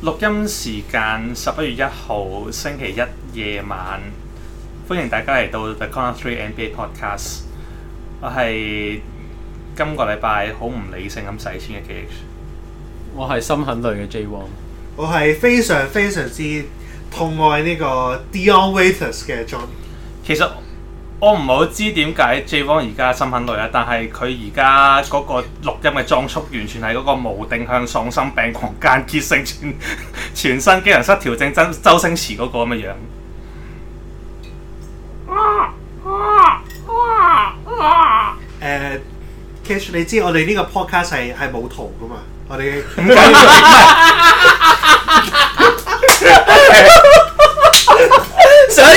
錄音時間十一月一號星期一夜晚，歡迎大家嚟到 The Corner 3 NBA Podcast。我係今個禮拜好唔理性咁使錢嘅 George。我係心很累嘅 JWong。我係非常非常之痛愛呢個 Deion Waiters 嘅 John。其實。我唔好知點解 JWong 而家心很累啊！但係佢而家嗰個錄音嘅裝束完全係嗰個無定向喪心病狂間歇性全身機能失調症，真周星馳嗰個咁嘅樣。誒，KH 你知我哋呢個 podcast 係係冇圖噶嘛？我哋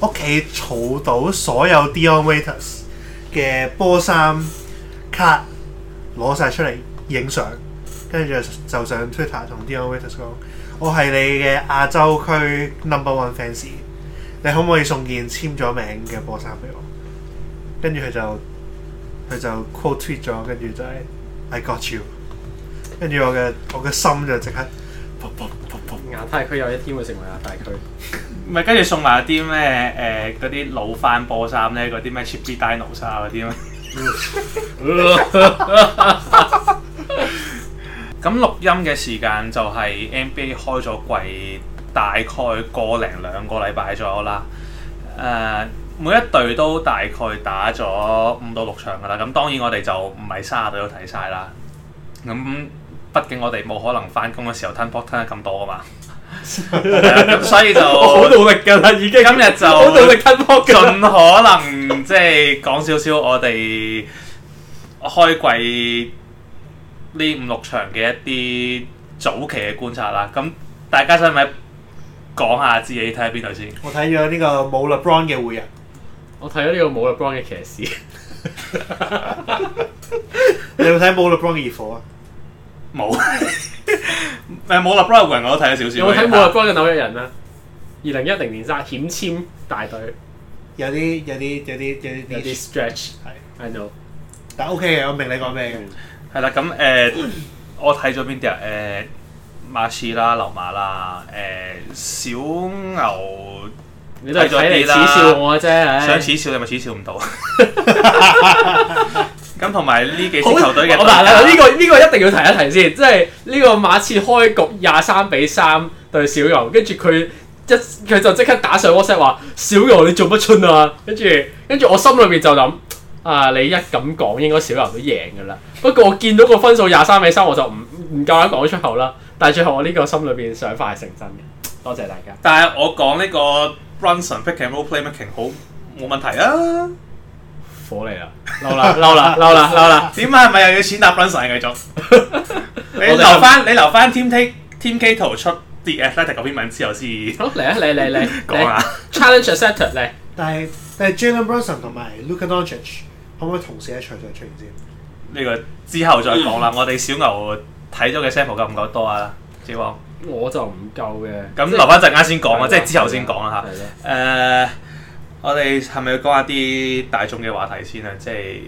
屋企儲到所有 Dion Waiters 嘅波衫卡攞晒出嚟影相，跟住就上 Twitter 同 Dion Waiters 講：「我係你嘅亞洲區 number one fans，你可唔可以送件簽咗名嘅波衫俾我？」跟住佢就佢就 quote tweet 咗，跟住就係、是、I got you。跟住我嘅我嘅心就即刻噗噗噗噗。亞太區有一天會成為亞太區。 唔係，跟住送埋啲咩？誒、呃，嗰啲老翻波衫咧，嗰啲咩 cheapy dinos 嗰啲咩？咁錄音嘅時間就係 NBA 開咗季，大概個零兩個禮拜左右啦。誒、uh，每一隊都大概打咗五到六場噶啦。咁當然我哋就唔係三十隊都睇晒啦。咁畢竟我哋冇可能翻工嘅時候 turn back turn 咁多啊嘛。咁、 嗯、所以就好努力噶啦，已經今日就好努力突破，盡可能 即係講少少我哋開季呢五六場嘅一啲早期嘅觀察啦。咁大家想唔想講下自己睇下邊度先？看看我睇咗呢個冇勒布朗嘅會啊！我睇咗呢個冇勒布朗嘅騎士， 你有冇睇冇勒布朗嘅熱火？冇，誒，冇立我都睇咗少少。我睇冇立邦嘅紐約人啦，二零一零年殺遣簽大隊，有啲有啲有啲有啲有啲 stretch 係喺度。I know. 但 OK 嘅，我明你講咩嘅。係啦， 咁誒、呃，我睇咗邊啲啊？誒、呃，ashi，馬刺啦，溜馬啦，誒，小牛，你都係睇嚟恥笑我啫，哎、想恥笑你咪恥笑唔到。 咁同埋呢幾支球隊嘅打法，呢、這個呢、這個一定要提一提先，即係呢個馬刺開局廿三比三對小牛，跟住佢一佢就即刻打上 WhatsApp 話：小牛你做乜春啊！跟住跟住我心裏邊就諗啊，你一咁講應該小牛都贏㗎啦。不過我見到個分數廿三比三，我就唔唔夠膽講出口啦。但係最後我呢個心裏邊想快成真嘅，多謝大家。但係我講呢個 Brunson Pick and Roll Playmaking 好冇問題啊！火嚟啦！嬲啦！嬲啦！嬲啦！嬲啦！點啊？係咪又要錢打 Brunson 繼續？你留翻你留翻 Team K Team K 逃出，即係 The Athletic 篇文之後先。好嚟啊！嚟嚟嚟講啊！Challenge Center 嚟。但係但係 Jalen Brunson 同埋 Luka Doncic 可唔可以同時喺場上出現先？呢個之後再講啦。我哋小牛睇咗嘅 sample 夠唔夠多啊？小王，我就唔夠嘅。咁留翻陣間先講啊，即係之後先講啊嚇。誒。我哋係咪要講下啲大眾嘅話題先啊？即係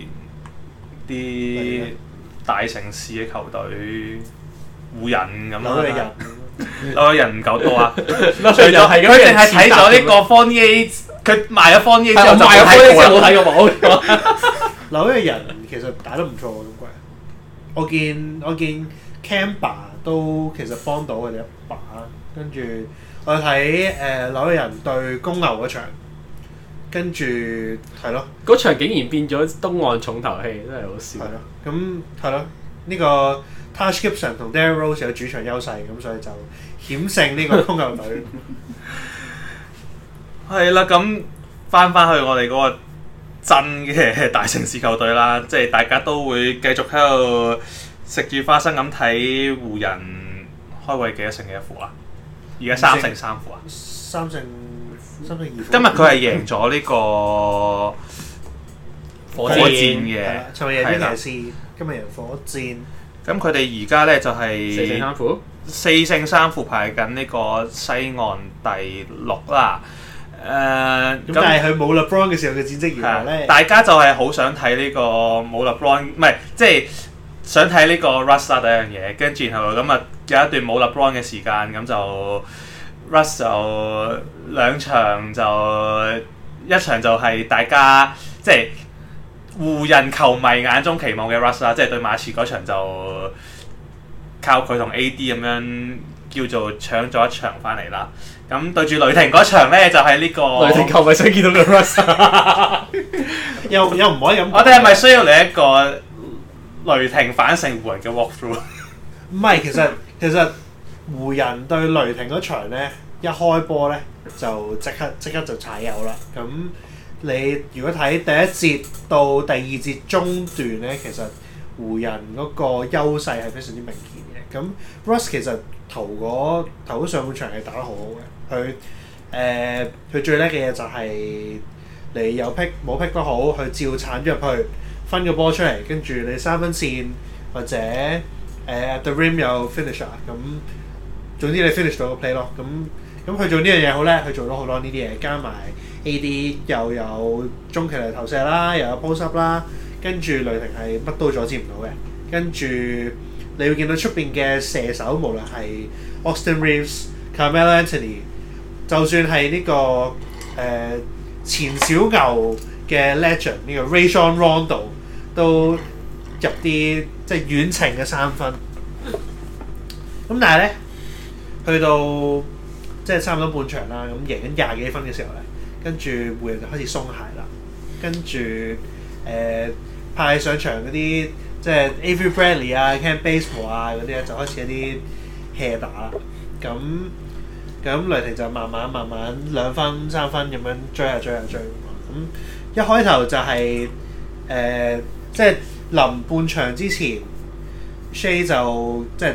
啲大城市嘅球隊，湖人咁咯。湖人，啊人唔夠多啊！佢淨係睇咗呢個 four e i 佢買咗方 o u r eight 之後就冇睇過冇。紐約人其實打得唔錯，咁貴。我見我見 Cambar 都其實幫到佢哋一把，跟住我睇誒紐約人對公牛嗰場。跟住係咯，嗰場竟然變咗東岸重頭戲，真係好笑。係咯，咁係咯，呢、這個 Taj Gibson 同 Derrick Rose 有主場優勢，咁所以就險勝呢個公牛隊。係啦， 咁翻翻去我哋嗰個真嘅大城市球隊啦，即、就、係、是、大家都會繼續喺度食住花生咁睇湖人開季幾多勝幾多負啊？而家三勝三負啊？三勝、啊。今日佢係贏咗呢個火箭嘅，蔡今日贏火箭。咁佢哋而家咧就係、是、四勝三負，四勝三負排緊呢個西岸第六啦。誒、呃、咁，但係佢冇勒布朗嘅時候嘅戰績如何咧？大家就係好想睇呢個冇勒布朗，唔係即係想睇呢個 Roster 第一樣嘢。跟住然後咁啊，有一段冇勒布朗嘅時間，咁就。Russell、so，兩場就一場就係大家即係湖人球迷眼中期望嘅 Russell，、so，即係對馬刺嗰場就靠佢同 AD 咁樣叫做搶咗一場翻嚟啦。咁對住雷霆嗰場咧，就係、是、呢、這個雷霆球迷想見到嘅 Russell。又又唔可以咁，我哋係咪需要嚟一個雷霆反勝湖人嘅 walkthrough？唔係， 其實其實。湖人對雷霆嗰場咧，一開波咧就即刻即刻就踩油啦。咁你如果睇第一節到第二節中段咧，其實湖人嗰個優勢係非常之明顯嘅。咁 Russ 其實頭嗰頭上半場係打得好好嘅，佢誒佢最叻嘅嘢就係你有劈冇劈都好，佢照鏟咗入去，分個波出嚟，跟住你三分線或者、呃、at the rim 有 finisher 咁。總之你 finish 到個 play 咯，咁咁佢做呢樣嘢好叻，佢做咗好多呢啲嘢，加埋 AD 又有中期嚟投射啦，又有 post up 啦，跟住雷霆係乜都阻止唔到嘅，跟住你會見到出邊嘅射手無論係 Austin Reaves、Carmelo Anthony，就算係呢、這個誒、呃、前小牛嘅 legend 呢個、Rajon Rondo 都入啲即係遠程嘅三分，咁但係咧。去到即係差唔多半場啦，咁、嗯、贏緊廿幾分嘅時候咧，跟住湖人就開始鬆懈啦，跟住誒派上場嗰啲即係 Avery Bradley 啊、Kent Bazemore 啊嗰啲咧，就開始一啲 hea 打，咁咁雷霆就慢慢慢慢兩分三分咁樣追下、啊、追下、啊、追咁、啊嗯，一開頭就係、是、誒、呃、即係臨半場之前，Shay 就即係。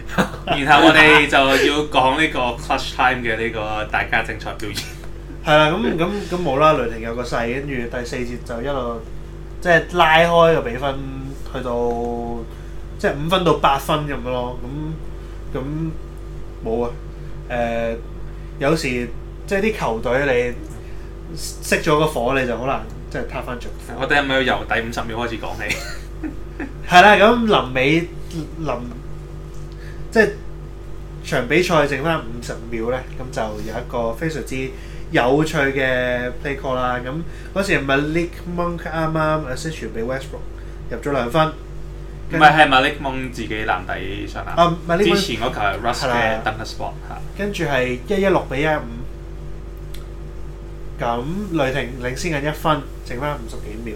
然後我哋就要講呢個 Clutch Time 嘅呢個大家精彩表演， 係啦，咁咁咁冇啦，無無雷霆有個勢，跟住第四節就一路即係拉開個比分，去到即係五分到八分咁樣咯，咁咁冇啊，誒、呃，有時即係啲球隊你熄咗個火，你就好難即係撻翻著。就是、我哋係咪要由第五十秒開始講起？係 啦，咁臨尾臨。即係場比賽剩翻五十五秒咧，咁就有一個非常之有趣嘅 play call 啦。咁嗰時唔係 Malik Monk 啱啱 assist 俾 Westbrook 入咗兩分，唔係係 Malik Monk 自己籃底上籃。啊，唔係 Malik Monk 之前嗰球係 Russell 嘅 danger spot。跟住係一一六比一五，咁雷霆領先緊一分，剩翻五十幾秒。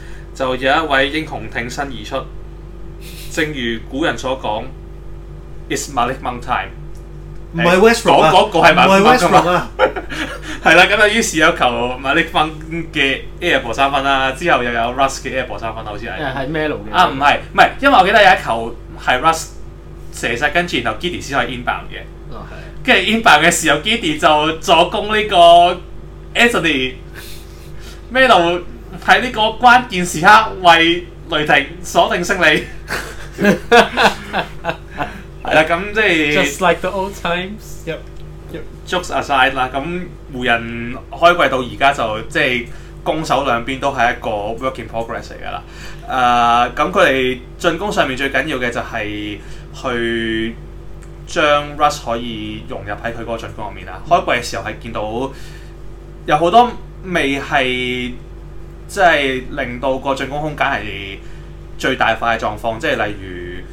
就有一位英雄挺身而出，正如古人所講，It's Malik Monk time。唔係 Westbrook 啊，講嗰個係萬分啊。係啦，咁啊，於是有球 Malik Monk 嘅 Airball 三分啦，之後又有 Russ 嘅 Airball 三分，好似係。係咩路嘅？啊，唔係，唔係，因為我記得有一球係 Russ 射曬，跟住然後 Giddey 先可以 inbound 嘅。哦，係。跟住 inbound 嘅時候，Giddey 就助攻呢個 Anthony 咩路？喺呢個關鍵時刻為雷霆鎖定勝利。係 啦、啊，咁即係。Just like the old times。Yep. jokes aside 啦，咁湖人開季到而家就即係、就是、攻守兩邊都係一個 work in progress 嚟噶啦。誒、呃，咁佢哋進攻上面最緊要嘅就係去將 Russ 可以融入喺佢嗰個進攻入面啦。開季嘅時候係見到有好多未係。即係令到個進攻空間係最大化嘅狀況，即係例如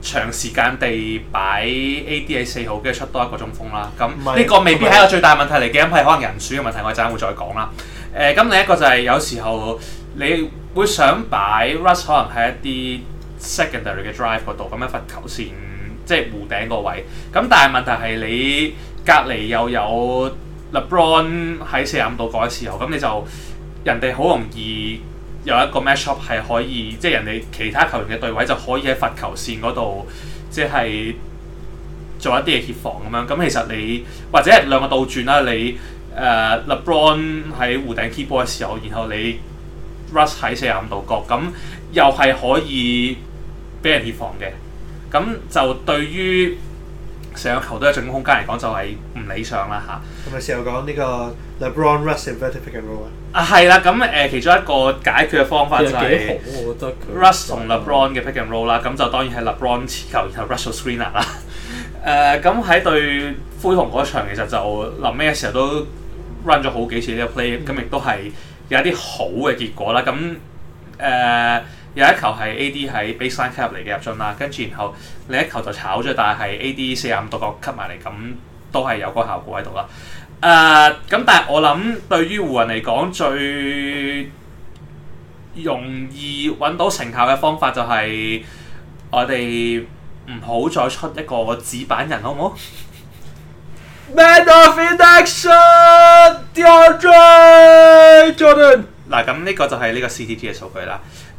長時間地擺 AD 喺四號，跟住出多一個中鋒啦。咁呢是個未必係一個最大問題嚟嘅，因為是可能人數嘅問題，我一陣會再講啦。誒、呃，咁另一個就係有時候你會想擺 Russ 可能喺一啲 secondary 嘅 drive 度，咁樣罰球線即係弧頂個位。咁但係問題係你隔離又有。LeBron 喺四十五度角嘅時候，咁你就人哋好容易有一個 match up 係可以，即係人哋其他球員嘅隊位就可以喺罰球線嗰度，即係做一啲嘢協防咁樣。咁其實你或者係兩個倒轉啦，你，uh, LeBron 喺湖頂 keyboard 嘅時候，然後你 rush 喺四十五度角，咁又係可以俾人協防嘅。咁就對於成個球隊嘅進攻空間嚟講就係唔理想啦嚇。係咪時候講呢個 LeBron-Russ inverted pick and roll 啊？啊係啦，咁誒其中一個解決嘅方法就係 Russ 同 LeBron 嘅 pick and roll 啦。咁就當然係 LeBron 持球，然後 Russell screener 啦。誒咁喺對灰熊嗰場，其實就臨尾嘅時候都 run 咗好幾次呢個 play，咁亦都係有一啲好嘅結果啦。咁誒。有一球係 A.D. 喺 baseline 卡入嚟嘅入樽啦，跟住然後另一球就炒咗，但係 A.D. 四十五度角吸埋嚟，咁都係有個效果喺度啦。誒，咁但係我諗對於湖人嚟講最容易揾到成效嘅方法就係我哋唔好再出一個紙板人，好唔好？Man of Inaction, DeAndre Jordan。嗱，咁呢個就係呢個 C.T.T. 嘅數據啦。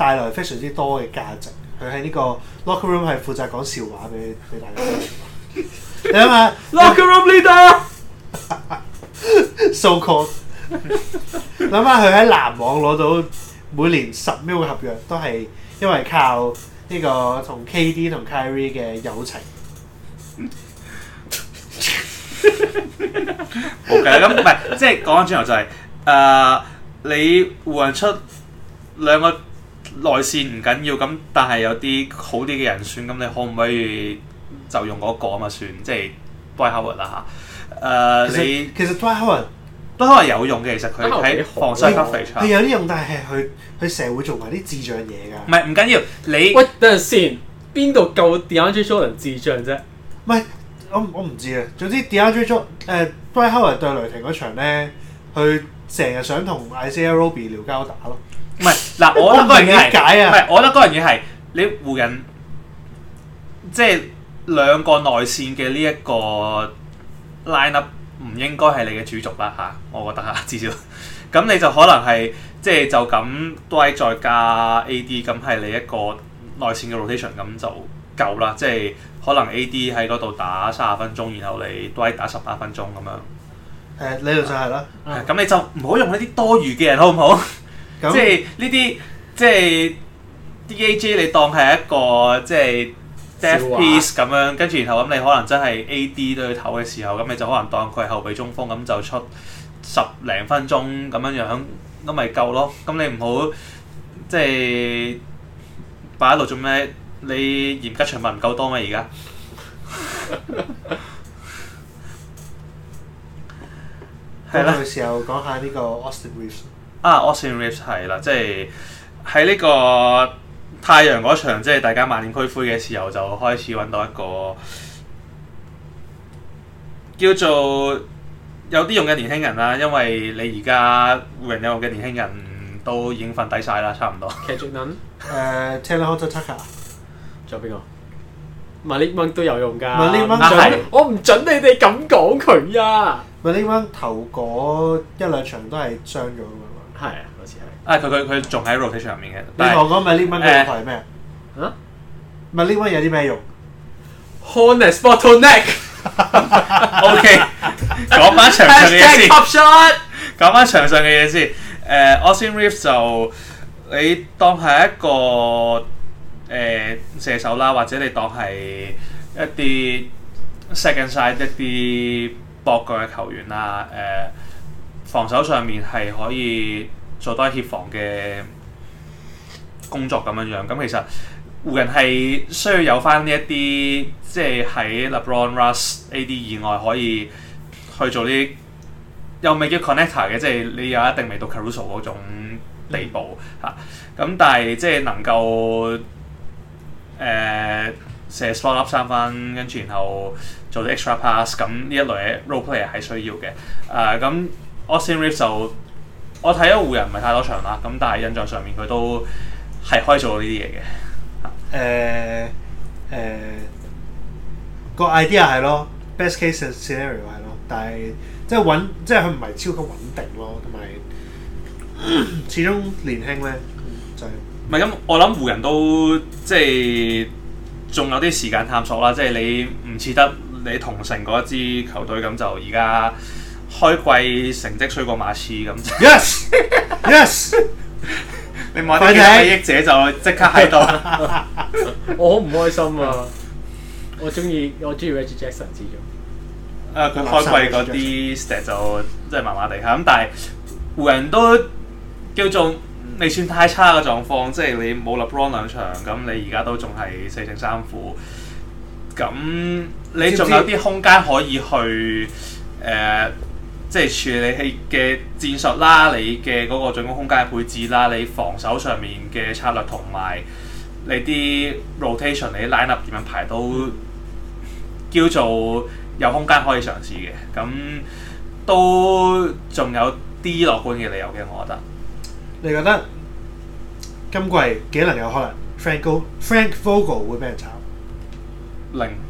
帶來非常之多嘅價值。佢喺呢個 locker room 係負責講笑話俾，俾大家。 你諗下 locker room leader，數控諗下佢喺籃網攞到每年十 m i l l 合約，都係因為靠呢個同 K D 同 Kyrie 嘅友情。OK，咁唔係，即係講翻轉頭就係、是、誒、呃，你湖人出兩個。內線唔緊要咁，但係有啲好啲嘅人選咁，你可唔可以就用嗰個啊嘛？算即係 Dwight Howard 啦嚇。你，其實其實 Dwight Howard 都可能有用嘅，其實佢喺防身級肥場，係有啲用，但係佢佢成日會做埋啲智障嘢㗎。唔係，唔緊要，你，喂等陣先，邊度夠 DeAndre Jordan 智障啫？唔係，我我唔知啊。總之 DeAndre Jordan 誒 Dwight Howard 對雷霆嗰場咧，佢成日想同 Isaiah Roby 撩交打咯。唔係，嗱，我覺得嗰樣嘢係解呀，唔係，我覺得嗰樣嘢係，你湖人即係兩個內線嘅呢一個 line up 唔應該係你嘅主軸啦嚇，我覺得嚇，至少咁你就可能係即係就咁都係再加 AD，咁係你一個內線嘅 rotation 咁就夠啦，即係可能 AD 喺嗰度打三十分鐘，然後你都係打十八分鐘咁樣。誒，理論上係啦，咁你就唔好用呢啲多餘嘅人，好唔好？即係呢啲，即係 D.A.J. 你當係一個即係 death piece 咁樣，跟住然後咁你可能真係 A.D. 都要唞嘅時候，咁你就可能當佢後備中鋒咁就出十零分鐘咁樣樣，咁咪夠咯。咁你唔好即係擺喺度做咩你嚴格場物唔夠多咩？而家係啦，到時候講下呢個 Austin。啊、ah,！Austin Reaves 係啦，即係喺呢個太陽嗰場，即係大家萬念俱灰嘅時候，就開始揾到一個叫做有啲用嘅年輕人啦。因為你而家湖人有用嘅年輕人都已經瞓低晒啦，差唔多中。c a d Talen Horton-Tucker，仲有邊個？Malik Monk 都有用㗎。Malik Monk，唔係我唔准你哋咁講佢啊。Malik Monk 頭嗰一兩場都係傷咗係啊，好似係。啊，佢佢佢仲喺 rotation 入面嘅。你同我講 Malik Monk 用途係咩啊？嚇？Malik Monk 有啲咩用？Honest photo neck。OK，講返場上嘅嘢先。講返場上嘅嘢先。誒，Austin Reaves 就你當係一個誒射手啦，或者你當係一啲 second side 一啲博過嘅球員啦，誒。防守上面係可以做多協防嘅工作咁樣樣，咁其實湖人係需要有翻呢一啲，即係喺 LeBron、Russ、AD 以外可以去做啲又未叫 connector 嘅，即係你有一定未到 Caruso 嗰種地步嚇。咁、啊、但係即係能夠誒射 spot up 三分，跟住然後做啲 extra pass，咁呢一類 role player 係需要嘅。誒、啊、咁。我 Sam Reap 就我睇咗湖人唔係太多場啦，咁但係印象上面佢都係可咗呢啲嘢嘅。誒誒、呃，個、呃、idea 係咯，best case scenario 係咯，但係即係穩，即係佢唔係超級穩定咯，同埋、嗯、始終年輕咧就係、是。唔係咁，我諗湖人都即係仲有啲時間探索啦，即係你唔似得你同城嗰一支球隊咁就而家。開季成績衰過馬刺咁，yes yes， 你買啲受益者就即刻喺度。 我好唔開心啊！我、我、J、中意，我中意 Reggie Jackson 之用。啊，佢開季嗰啲 stats 就即係麻麻地吓，咁但係湖人都叫做未算太差嘅狀況，即、就、係、是、你冇 LeBron 兩場，咁你而家都仲係四勝三負，咁你仲有啲空間可以去誒？呃即係處理器嘅戰術啦，你嘅嗰個進攻空間嘅配置啦，你防守上面嘅策略同埋你啲 rotation、你啲 lineup 點樣排都叫做有空間可以嘗試嘅。咁都仲有啲樂觀嘅理由嘅，我覺得。你覺得今季幾能有可能 Franko, Frank Vogel 會俾人炒？零。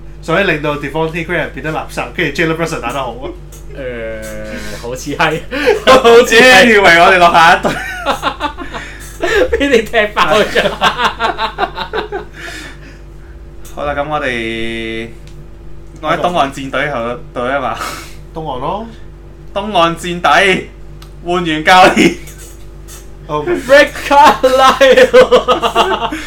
所以令到 Devin Ingram 變得垃圾，跟住 Jalen Brunson 打得好啊！誒，好似係，好似以為我哋落下一隊，俾你踢爆咗。好啦，咁我哋喺東岸戰隊對啊嘛，東岸咯，東岸戰隊換完教練。Red 卡拉，oh、Car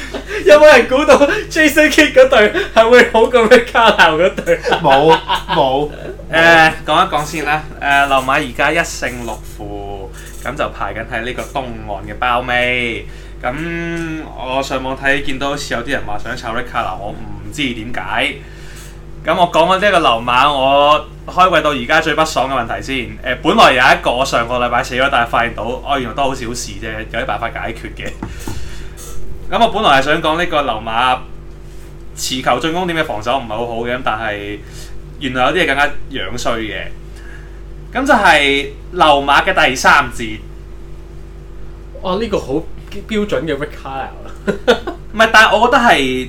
有冇人估到 Jason Kidd 嗰隊係會好過 Red 卡頭嗰隊？冇 冇。誒，講、 uh, 一講先啦。誒，劉馬而家一勝六負，咁就排緊喺呢個東岸嘅包尾。咁我上網睇見到好似有啲人話想炒 Red l 卡啦，我唔知點解。咁我講緊呢一個溜馬，我開季到而家最不爽嘅問題先。誒、呃，本來有一個我上個禮拜死咗，但係發現到，哦，原來都好小事啫，有啲辦法解決嘅。咁 我本來係想講呢個溜馬持球進攻點嘅防守唔係好好嘅，但係原來有啲嘢更加樣衰嘅。咁就係溜馬嘅第三節。哦，呢、這個好標準嘅 recall。唔 係，但係我覺得係。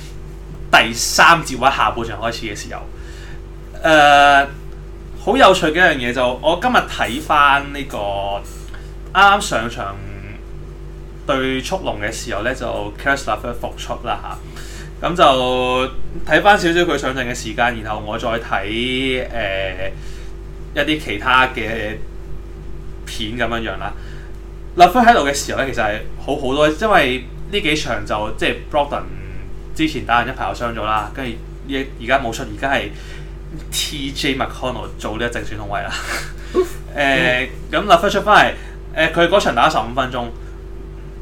第三節或者下半場開始嘅時候，誒、呃、好有趣嘅一樣嘢就，我今日睇翻呢個啱啱上場對速龍嘅時候咧，就 Caris LeVert 復出啦嚇，咁、啊、就睇翻少少佢上場嘅時間，然後我再睇誒、呃、一啲其他嘅片咁樣樣啦。LeVert 喺度嘅時候咧，其實係好好多，因為呢幾場就即係 Brogdon。之前打人一排又傷咗啦，跟住而而家冇出，而家係 TJ McConnell 做呢個正選控位啦。誒、 mm，咁立菲出翻嚟，誒佢嗰場打十五分鐘，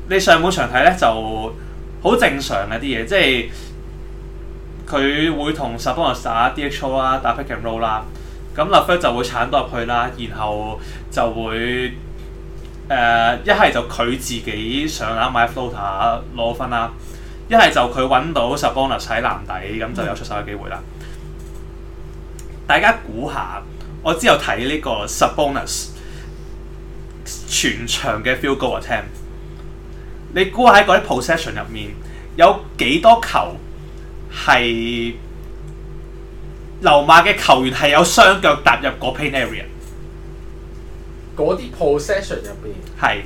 你上半場睇咧就好正常嘅啲嘢，即係佢會同 Sabonis 打 DHO 啦、啊，打 Pick and Roll 啦，咁立菲就會鏟到入去啦，然後就會誒、呃、一係就佢自己上攬買 floater 攞分啦。啊一係就佢揾到 Sabonis 喺籃底，咁就有出手嘅機會啦。嗯、大家估下，我之後睇呢個 Sabonis 全場嘅 field goal attempt，你估下喺嗰啲 possession 入面有幾多球係溜馬嘅球員係有雙腳踏入個 pain area？嗰啲 possession 入邊係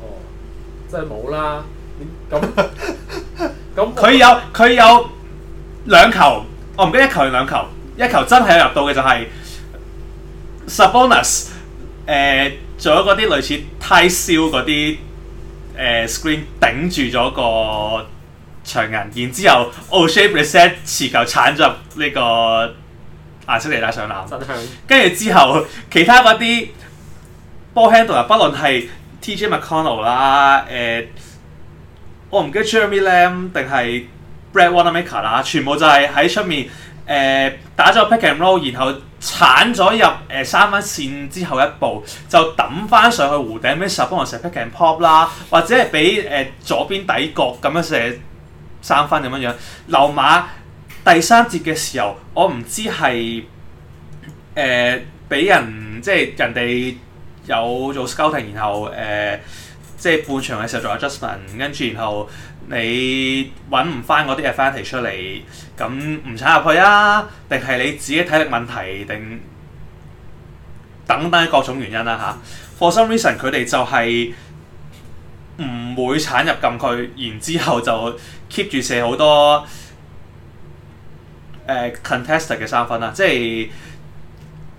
哦，即係冇啦。咁咁，佢 有佢有兩球，我唔記得一球定兩球，一球真係有入到嘅就係 Sabonis，誒、呃、仲有嗰啲類似 Ty 泰少嗰啲，誒、呃、screen 頂住咗個長人，然之後 Oshae reset 持球鏟咗入呢個顏色地帶上籃，跟住是之後其他嗰啲 ball handler 啊，不論係 TJ McConnell 啦，誒。我唔記得 Jeremy Lamb 定係 Brad Wanamaker 啦，全部就係喺出面誒、呃、打咗個 pick and roll，然後鏟咗入誒、呃、三分線之後一步就揼翻上去弧頂，咩十分或成 pick and pop 啦，或者係俾誒左邊底角咁樣射三分咁樣樣。溜馬第三節嘅時候，我唔知係誒俾人即係人哋有做 scouting，然後誒。呃即係半場嘅時候做 adjustment，跟住然後你揾唔翻嗰啲 advantage 出嚟，咁唔踩入去啊？定係你自己體力問題？定等等各種原因啦、啊、吓。For some reason，佢哋就係唔會踩入禁區，然之後就 keep 住射好多誒、uh, contested 嘅三分啦、啊，即係。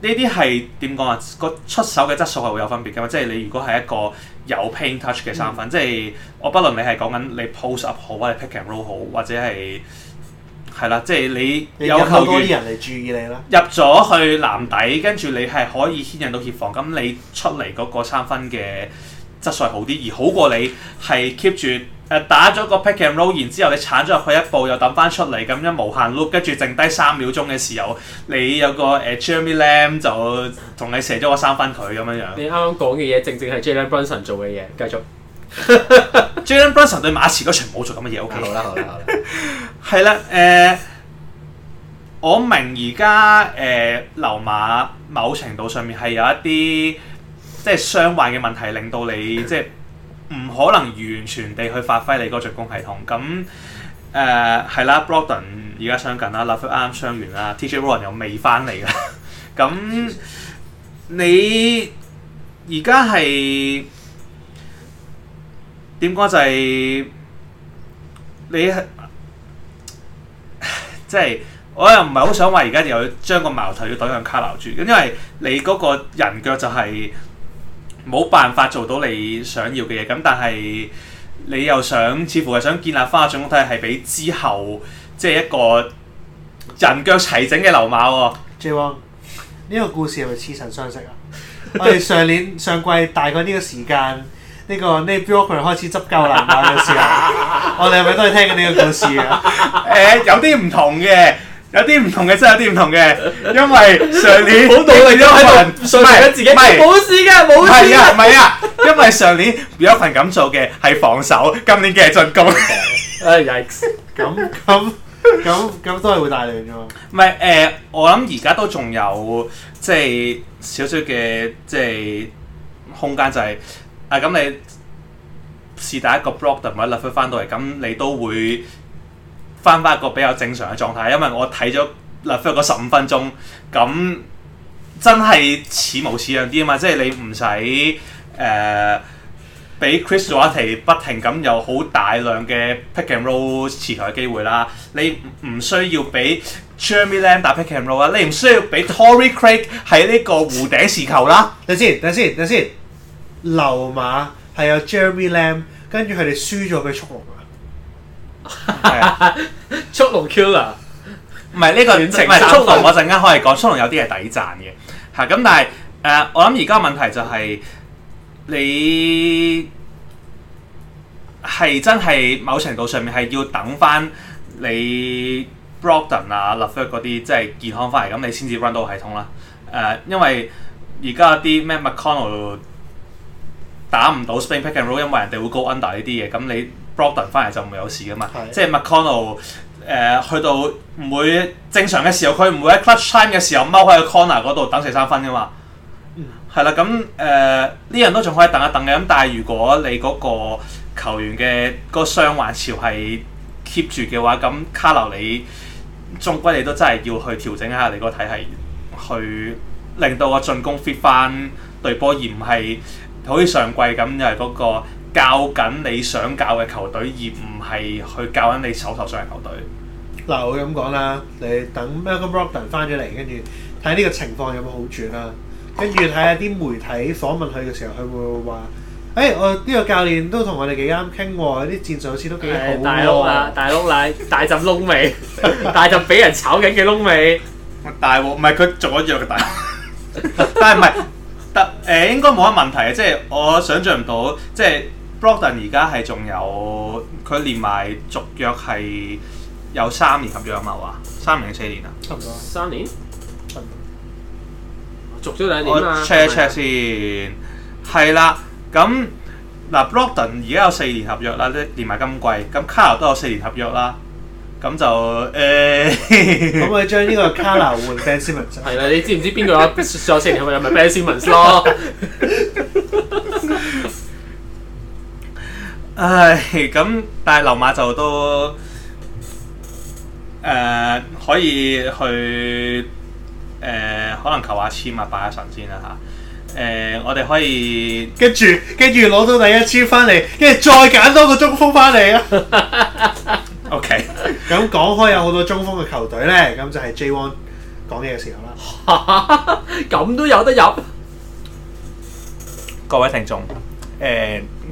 呢啲係點講啊？個出手嘅質素係會有分別㗎嘛，即係你如果係一個有 paint touch 嘅三分，嗯、即係我不論你係講緊你 post up 好或者 pick and roll 好，或者係係啦，即係你有夠多啲人嚟注意你啦。入咗去籃底，跟住你係可以牽引到協防，咁你出嚟嗰個三分嘅質素係好啲，而好過你係 keep 住。誒打咗個 pick and roll，然之後你鏟咗入去一步，又揼翻出嚟咁，一無限 loop，跟住剩低三秒鐘嘅時候，你有個誒、呃、Jeremy Lamb 就同你射咗個三分佢咁樣樣。你啱啱講嘅嘢，正正係 Jalen Brunson 做嘅嘢。繼續。Jalen Brunson 對馬刺嗰場冇做咁嘅嘢，O K。好啦好啦好啦。係啦， 誒、呃，我明而家誒溜馬某程度上面係有一啲即係傷患嘅問題，令到你即係。 唔可能完全地去發揮你嗰個進攻系統。咁誒係、呃、啦，Broden 而家傷緊啦，Lafleur 啱啱傷完啦，TJ Warren 又未翻嚟啦。咁你而家係點講就係、是、你係即係，我又唔係好想話而家又要將個矛頭要對向 Carlisle 住。咁因為你嗰個人腳就係、是。冇辦法做到你想要嘅嘢，咁但係你又想，似乎係想建立花上空體系俾之後即係一個人腳齊整嘅溜馬喎、哦。J Wong，呢個故事係咪似曾相識啊？ 我哋上年上季大概呢個時間，呢、呢個呢 Bjorkgren 開始執教溜馬嘅時候， 我哋係咪都係聽緊呢個故事啊？誒、 呃，有啲唔同嘅。有啲唔同嘅，真係有啲唔同嘅，因為上年冇道理都喺度，唔係唔係冇事嘅，冇事嘅，唔係啊，因為上年有一份咁做嘅係防守，今年嘅係進攻。哎呀，咁咁咁咁都係會帶嚟㗎嘛。唔係誒，我諗而家都仲有即係少少嘅即係空間，就係啊咁你是第一個 block 同埋 left 翻到嚟，咁你都會。翻返個比較正常嘅狀態，因為我睇咗嗱，翻個十五分鐘，咁真係似模似樣啲啊嘛！即係你唔使誒，俾、呃、Chris Duarte 不停咁有好大量嘅 pick and roll 持球嘅機會啦。你唔需要俾 Jeremy Lamb 打 pick and roll 啦，你唔需要俾 Tory Craig 喺呢個弧頂持球啦。等先，等先，等先，溜馬係有 Jeremy Lamb，跟住佢哋輸咗俾速 速龍 killer，唔係呢個戀情唔係速龍。我陣間可以講，速龍有啲係抵賺嘅吓。咁但係誒、呃，我諗而家問題就係、是、你係真係某程度上面係要等翻你 Brogdon a 啊、LeVert 嗰啲即係健康翻嚟，咁你先至 run 到系統啦。誒、呃，因為而家啲咩 McConnell 打唔到 Spain pick and roll，因為人哋會 go under 呢啲嘢，咁你。Brogdon 翻嚟，就唔會有事噶嘛。的即係 McConnell、呃、去到唔會正常嘅時候，佢唔會喺 clutch time 嘅時候踎喺個 corner 嗰度等四三分噶嘛。係啦、嗯，咁誒呢樣都仲可以等一等嘅。咁但係如果你嗰個球員嘅個傷患潮係 keep 住嘅話，咁 Carlisle 你終歸你都真係要去調整一下你個體系，去令到個進攻 fit 翻對波，而唔係好似上季咁又係嗰個。教緊你想教嘅球隊，而唔係去教緊你手頭上嘅球隊。嗱，我咁講啦，你等 McRobert o 翻咗嚟，跟住睇下呢個情況有冇好轉啦，啊，跟住睇下啲媒體訪問佢嘅時候，佢會話，誒、哎，我呢個教練都同我哋幾啱傾喎，啲戰術好似都幾好喎。大窿啊，大窿嚟，大陣窿尾，大陣俾 人炒緊嘅窿尾。大鑊唔係佢做一樣嘅大鑊，但係唔係得誒？應該冇乜問題即係、就是、我想象唔到，即、就、係、是。Broden 而家係仲有佢連埋續約係有三年合約啊嘛，話三年定四年啊？差唔多三年。續咗兩年啊！check 一 check 先，係啦。咁嗱，Broden 而家有四年合約啦，即係連埋今季。咁 Carla 都有四年合約啦。咁就誒，可唔可以將呢個 Carla 換 Ben Simmons？係啦，你知唔知邊個有四年合約？有咪 Ben Simmons 咯？ 唉，咁但係溜馬就都誒、呃、可以去誒、呃、可能求下簽啊，拜下神先啦吓，誒、呃，我哋可以跟住跟住攞到第一簽翻嚟，跟住再揀多個中鋒翻嚟啊。 OK，咁講開有好多中鋒嘅球隊咧，咁就係 JWong 講嘢嘅時候啦。咁都 有得入，各位聽眾誒。呃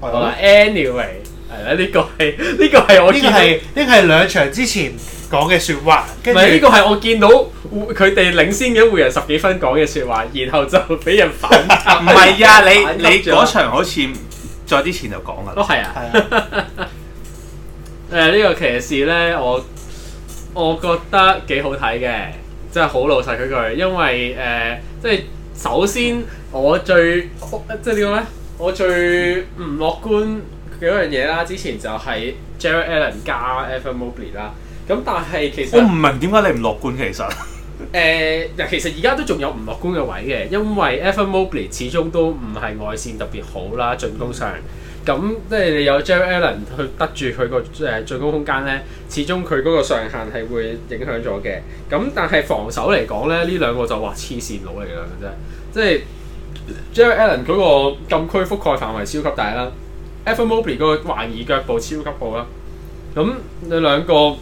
Anyway 係啦，呢、這個係呢個係我呢個係呢個係兩場之前講嘅說話，唔係呢個係我見到佢哋領先嘅湖人十幾分講嘅說話，然後就俾人反。唔係 啊，你你嗰場好似再之前就講噶都係啊，係啊。誒、啊，呢、 呃這個騎士咧，我我覺得幾好睇嘅，即係好老實嗰句，因為誒、呃，即係首先我最、哦、即係點講咧？我最唔樂觀嘅一樣嘢啦，之前就係 Jarrett Allen 加、e、Evan Mobley 啦。咁但係其實我唔明點解你唔樂觀其實。誒，嗱，其實而家都仲有唔樂觀嘅位嘅，因為、e、Evan Mobley 始終都唔係外線特別好啦，進攻上。咁、嗯、即係你有 Jarrett Allen 去得住佢個誒進攻空間咧，始終佢嗰個上限係會影響咗嘅。咁但係防守嚟講咧，呢兩個就話黐線佬嚟㗎啫，真係，即係。Jarrett Allen 嗰個禁區覆蓋範圍超級大啦，Evan Mobley 嗰個橫移腳步超級好啦。咁你兩個，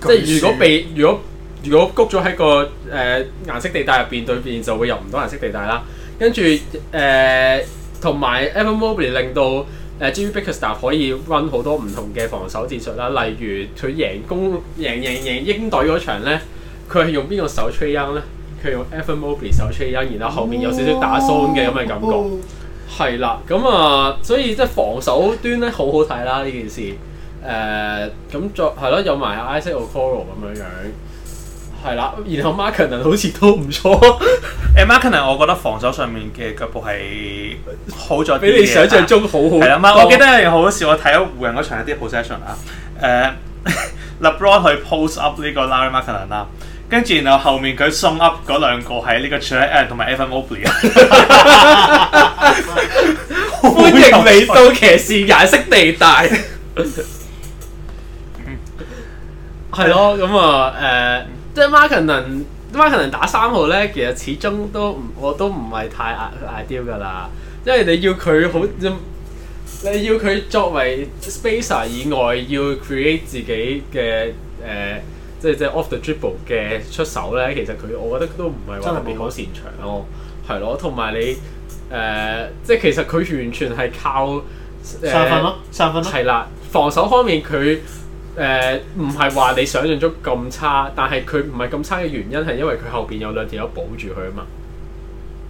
即係如果被如果如果曲咗喺個誒、呃、顏色地帶入邊對面就會入唔到顏色地帶啦。跟住誒同、呃、埋、e、Evan Mobley 令到誒、呃、JB Bickerstaff 可以揾好多唔同嘅防守戰術啦。例如佢贏攻贏贏贏英，英隊嗰場咧，佢係用邊個手吹音咧？佢用 Evan Mobley 手出音，然後後面有少少打 zone 咁嘅咁嘅感覺，係啦、嗯，咁啊、嗯，所以即係防守端咧好好睇啦呢件事，誒、呃，咁再係咯，有埋 Isaac Okoro 咁樣樣，係啦，然後 Markkanen 好似都唔錯，誒 Markkanen 我覺得防守上面嘅腳步係好在，比你想象中好好，係啦、 嗯，我記得一樣好笑，我睇咗湖人嗰場有啲 possession 啊，誒，LeBron 去 post up 呢個 Lauri Markkanen 啊。跟住然後後面佢 sum up 嗰兩個係呢個 Garland 同埋 Evan Mobley。歡迎你到騎士解釋地帶。係咯，咁啊，誒、嗯 uh，即係 Markkanen 能 Markkanen 能打三號咧，其實始終都唔，我都唔係太 ideal 噶啦，即係你要佢好，你要佢作為 spacer 以外要 create 自己嘅誒。即係即係 off the dribble 嘅出手咧，其實佢我覺得都唔係話特別好擅長咯，係咯好，同埋、哦、你誒、呃、即係其實佢完全係靠三、呃、分咯，三分咯，係啦，防守方面佢誒唔係話你想象中咁差，但係佢唔係咁差嘅原因係因為佢後邊有兩條友保住佢啊嘛。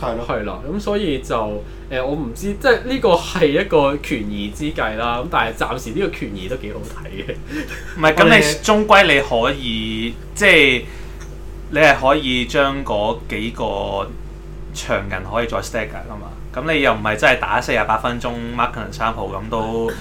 係咯，係咯，咁所以就誒、呃，我唔知，即係呢個係一個權宜之計啦。咁但係暫時呢個權宜都幾好睇嘅。唔係是，咁 你終 歸你可以即係你係可以將嗰幾個長人可以再 stack 啊嘛。咁你又唔係真係打四十八分鐘，Marklin 三號咁都。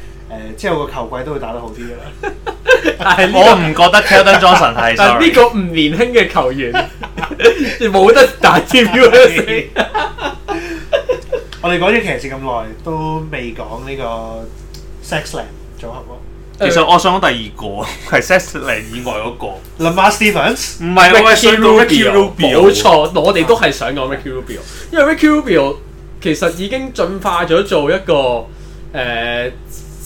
誒，之後個球隊都會打得好啲嘅， 但係這我唔覺得 Keldon Johnson 係。呢 個唔年輕嘅球員，你冇得打。J. U. 我哋講咗騎士咁耐，都未講呢個 Sexland 組合咯。其實我想講第二個，係 Sexland 以外嗰、那個。LeBron Stevens 唔係啊，Rubio 冇錯，我哋都係想講 Ricky Rubio，、啊、因為 Ricky Rubio 其實已經進化咗做一個誒。呃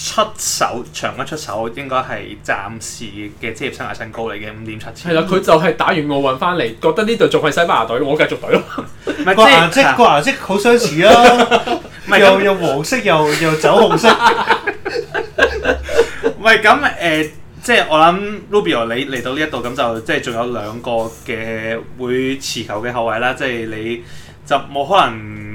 出手長一出手應該係暫時嘅職業生涯新高嚟嘅五點七千。係啦，佢、啊、就係打完奧運翻嚟，覺得呢度仲係西班牙隊，我繼續隊咯。唔係，個顏色個顏色好相似啊！又又黃色又又酒紅色。唔係咁誒，即係、啊就是、我諗 Rubio 你嚟到呢一度咁就即係仲有兩個嘅會持球嘅後衞啦，即、就、係、是、你，你就冇可能。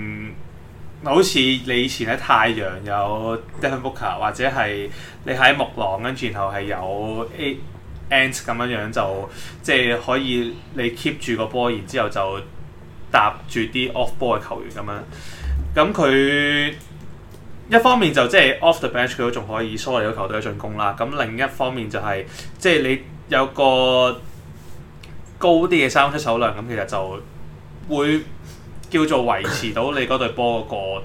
好似你以前喺太陽有 Devin Booker，或者係你喺木狼跟住然後係有 A Ant 咁樣樣就即係、就是、可以你 keep 住個波，然之後就搭住啲 off ball 嘅球員，咁樣咁佢一方面就即係 off the bench，佢都仲可以疏離咗球隊嘅進攻啦。咁另一方面就係即係你有個高啲嘅三分出手量，咁其實就會。叫做維持到你嗰隊波嗰個、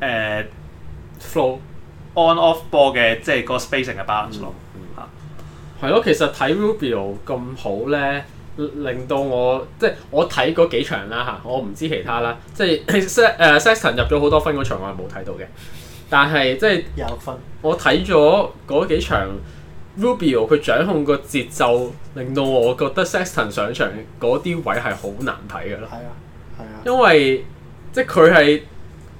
呃、flow on off ball 嘅，即、就、係、是、個 spacing 嘅 balance 咯、嗯。嚇、嗯，係咯、啊，其實睇 Rubio 咁好咧，令到我即係我睇嗰幾場啦吓，我唔知其他啦，即係 Sexton 入咗好多分嗰場我係冇睇到嘅，但係即係廿六分，我睇咗嗰幾場。Rubio 佢掌控個節奏，令到我覺得 Sexton 上場嗰啲位係好難睇噶咯。係啊，係 啊。因為即係佢係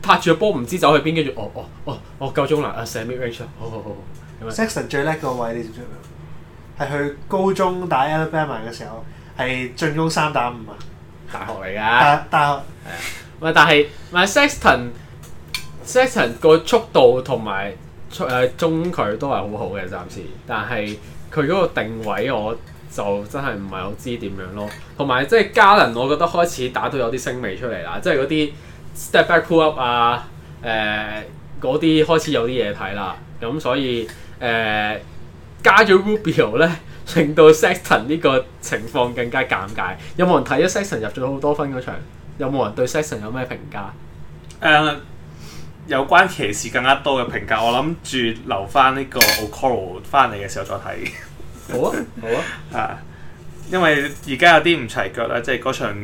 拍住個波唔知走去邊，跟住哦哦哦哦夠鐘啦，啊射 mid range 啦，好好好好。Sexton 最叻個位你知唔知啊？係去高中打 Alabama 嘅時候，係進攻三打五啊。大學嚟㗎。大打學。係啊。 唔係但係唔係 Sexton，Sexton 個速度同埋。出中佢都係好好嘅，暫時。但係佢嗰個定位我就真係唔係好知點樣咯。同埋即係加能，我覺得開始打到有啲星味出嚟啦。即係嗰啲 step back up 啊，誒嗰啲開始有啲嘢睇啦。咁、嗯、所以誒、呃、加咗 Rubio 咧，令到 Sexton 呢個情況更加尷尬。有冇人睇咗 Sexton 入咗好多分嗰場？有冇人對 Sexton 有咩評價？誒。Uh, 有關騎士更加多嘅評價，我諗住留翻呢個 Okoro 翻嚟嘅時候再睇。 好啊，好啊，嚇！ 因為而家有啲唔齊腳咧，即係嗰場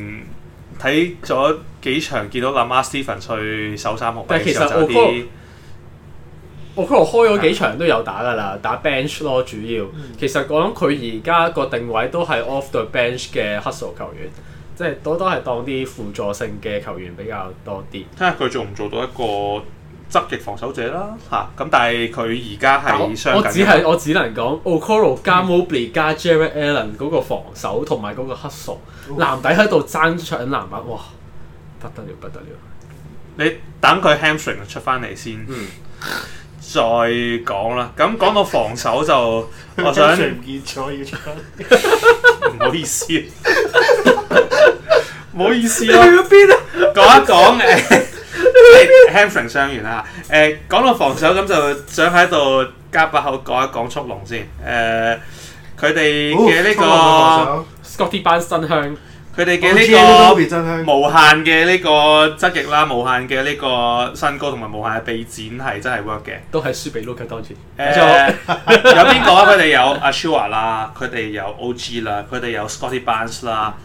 睇咗幾場，見到 Lamar Stevens 去守三號位嘅時候，但其實就有 Okoro 開咗幾場都有打㗎啦，的打 bench 咯主要。嗯、其實我諗佢而家個定位都係 off the bench 嘅 hustle 球員。即係多多係當啲輔助性嘅球員比較多啲。睇下佢做唔做到一個積極防守者啦，嚇、啊！咁但係佢而家係傷緊。我只係我只能講 Okoro 加 Mobley 加 Jarrett Allen 嗰個防守同埋嗰個 hustle 籃底喺度爭搶籃板。哇！不得了不得了！你等佢 Hamstring 出翻嚟先，嗯，再講啦。咁講到防守就 我想唔見彩要出，唔好意思。唔好意思去咗邊啊？講一講誒 Hampton 傷完啦，誒， 講到防守咁就想喺度夾把口講一講速龍先，誒、呃，佢哋嘅呢個、哦這個、Scotty Bands 真香，佢哋嘅呢個 OG，真無限嘅呢個側翼啦，無限嘅呢個身高同埋無限嘅臂展係真係 work 嘅，都係輸俾 Lukas o 多啲，誒，有邊個啊？佢哋有 Ashua 啦，佢哋有 OG 啦，佢哋有 Scotty Bands 啦。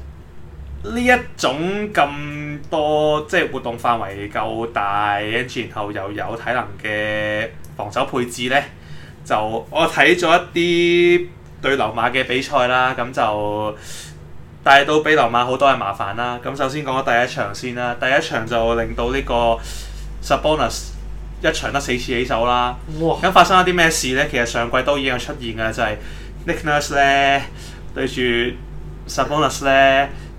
呢一種咁多即係活動範圍夠大，然後又有體能嘅防守配置呢，就我睇咗一啲對溜馬嘅比賽啦，咁就帶到俾溜馬好多嘅麻煩啦。咁首先講咗第一場先啦，第一場就令到呢個 Sabonis 一場得四次起手啦。咁哇發生咗啲咩事呢？其實上季都已經有出現嘅，就係 Nick Nurse 呢對住 Sabonis 呢。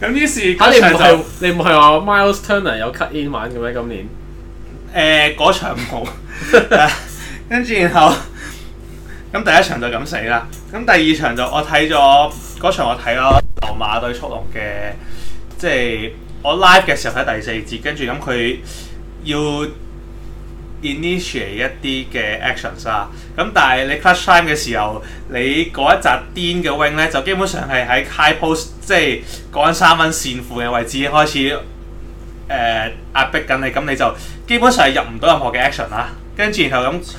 咁於是就、啊，嚇你唔係你唔係話 Miles Turner 有 cut in 玩嘅咩？今年誒嗰、呃、場唔好，跟住然後咁第一場就咁死啦。咁第二場就我睇咗嗰場，我睇咗溜馬對速龍嘅，即、就、係、是、我 live 嘅時候睇第四節，跟住咁佢要，initiate 一啲嘅 actions 啦，咁但係你 clutch time 嘅時候，你嗰一集癲嘅 wing 咧，就基本上係喺 high post，即係講緊三分線附近嘅位置開始誒、呃、壓迫緊你，咁你就基本上係入唔到任何嘅 action 啦。跟住然後咁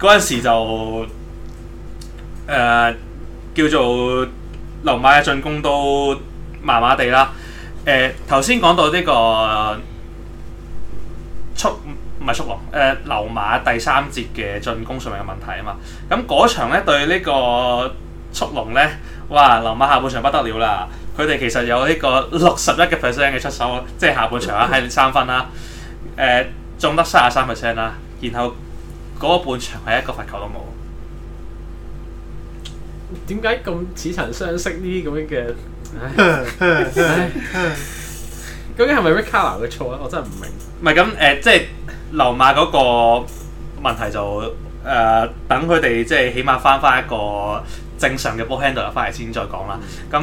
嗰陣時就誒、呃、叫做溜馬嘅進攻都麻麻地啦。誒頭先講到呢、這個、呃、速。唔係速龍，誒、呃，溜馬第三節嘅進攻上面嘅問題啊嘛。咁嗰場咧對呢個速龍咧，哇，溜馬下半場不得了啦！佢哋其實有呢個六十一嘅 percent 嘅出手，即、就、係、是、下半場啊，係三分啦、啊，誒、呃，中得三十三 percent 啦。然後嗰半場係一個罰球都冇。點解咁似曾相識呢啲咁樣嘅？ 究竟係咪 Rick Carlisle 嘅錯咧？我真係唔明。唔係咁誒，即係。溜馬嗰個問題就誒、呃、等佢哋即係起碼翻翻一個正常嘅 ball handler 翻嚟先，再講啦。咁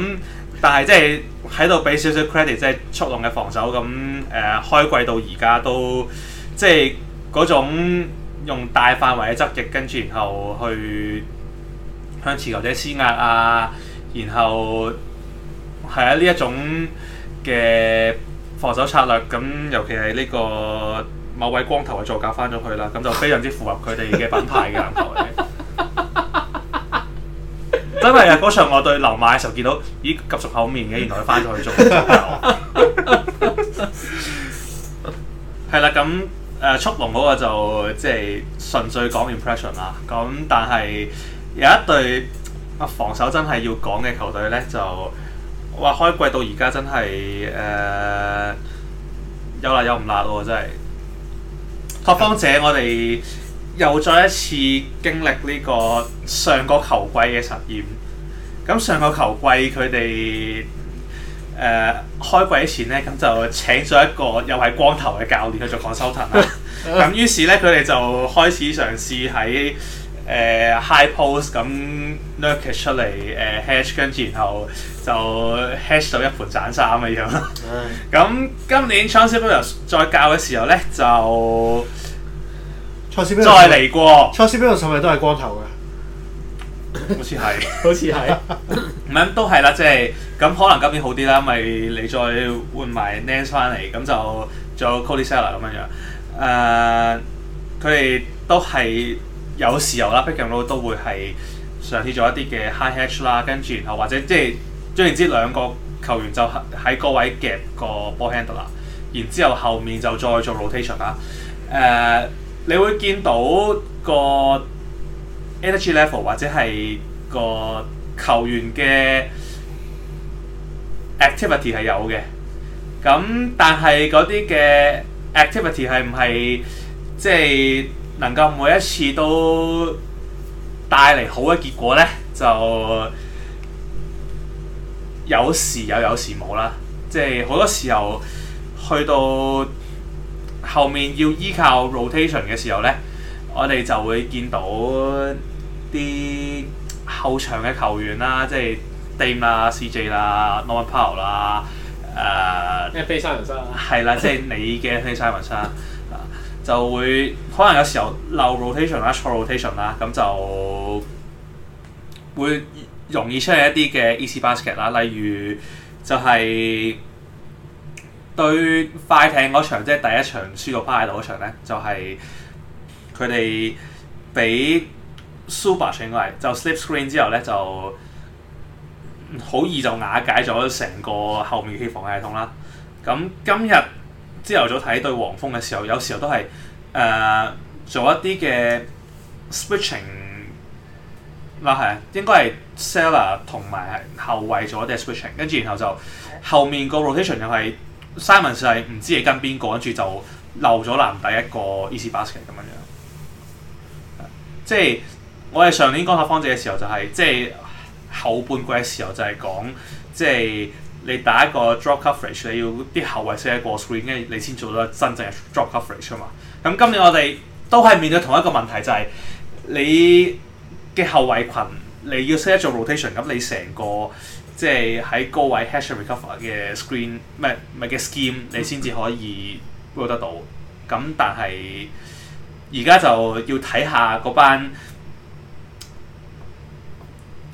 但係即係喺度俾少少 credit 即係速龍嘅防守咁誒、呃，開季到而家都即係嗰種用大範圍嘅側翼跟住然後去向持球者施壓啊，然後係啊呢一種嘅防守策略咁，尤其係呢、呢個。某位光頭嘅座駕翻咗去啦，咁就非常之符合佢哋嘅品牌嘅籃球 真係啊！嗰場我對溜馬嘅時候見到，咦，急熟口面嘅，原來佢翻咗去做。係啦，咁誒速龍嗰個就即係純粹講 impression 啦。咁、嗯、但係有一隊防守真係要講嘅球隊呢，就話開季到而家真係誒、呃、有辣有唔辣喎，真係。拓荒者，我哋又再一次經歷呢個上個球季嘅實驗。咁上個球季佢哋誒開季前呢，咁就請咗一個又係光頭嘅教練去做廣州騰。咁 於是呢，佢哋就開始嘗試喺誒、呃、high post 咁擸佢出嚟誒 hedge，跟住然後就 hedge 到一盤斬衫嘅樣啦。咁 今年 Chauncey Billups 再教嘅時候咧，就 Chauncey 再嚟過。Chauncey Billups 係咪都係光頭噶？ 好似像係，好似係。咁係都係啦，即係咁可能今年好啲啦，咪、就是、你再換埋 Nance 翻嚟，咁就做 Cody Zeller 咁樣樣。誒，佢、呃、哋都係。有時候啦 b 竟都會係嘗試做一啲嘅 high catch 啦，跟住然後或者即係，總言之兩個球員就喺嗰位夾個 ball handle 啦，然之後後面就再做 rotation 啦。誒、uh,，你會見到個 energy level 或者係個球員嘅 activity 係有嘅，咁但係嗰啲嘅 activity 係唔係即係？能夠每一次都帶嚟好嘅結果咧，就有時有，有時冇啦。即係好多時候去到後面要依靠 rotation 嘅時候咧，我哋就會見到啲後場嘅球員啦，即係 Dame 啦、CJ 啦、Norman Powell 啦，誒、呃。咩飛山雲山啊？係 啦，即、就、係、是、你嘅 s i 飛山雲山。 就會可能有時候漏 rotation 啦、錯 rotation 啦，咁就會容易出現一啲嘅 easy basket 啦。例如就係對快艇嗰場，即係第一場輸到趴喺度嗰場咧，就係佢哋俾 super screen 過嚟，就 slip screen 之後咧，就好易就瓦解咗成個後面嘅防系統啦。咁今日朝頭早睇對黃蜂嘅時候，有時候都係誒、呃、做一啲嘅 switching 啦，係應該係 seller 同埋後衞做一啲 switching，跟住然後就後面個 rotation 又係 Simon 就係唔知你跟邊個，跟住就漏咗籃底一個 easy basket 咁樣樣。即係我哋上年講塔方姐嘅時候、就係，就係即係後半季嘅時候就係講即係。你打一個 drop coverage，你要啲後衞識得過 screen，跟住你先做到真正嘅 drop coverage 啊嘛。咁今年我哋都係面對同一個問題，就係、是、你嘅後衞群，你要識得做 rotation，咁你成個即係喺高位 hash recover 嘅 screen，咩咩嘅 scheme，你先至可以 roll 得到。咁但係而家就要睇下嗰班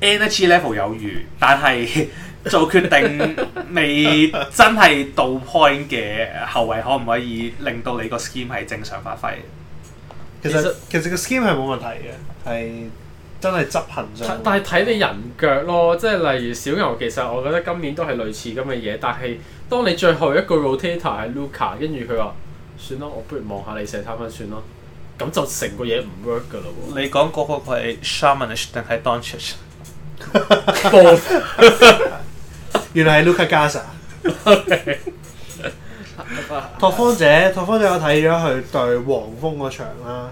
energy level 有餘，但係。 做決定未真係到 point 嘅後衞可唔可以令到你個 scheme 係正常發揮？其實其實個 scheme 係冇問題嘅，係真係執行上，但係睇你人腳咯。即係例如小牛，其實我覺得今年都係類似咁嘅嘢。但係當你最後一個 rotator 係 Luka，跟住佢話：算啦，我不如望下你射三分算啦。咁就成個嘢唔 work 噶咯喎。你講嗰個係 Shamanish 定係 Doncic？Both。原來係 Lucas Gasar，拓荒者，拓荒者我睇咗佢對黃蜂個場啦，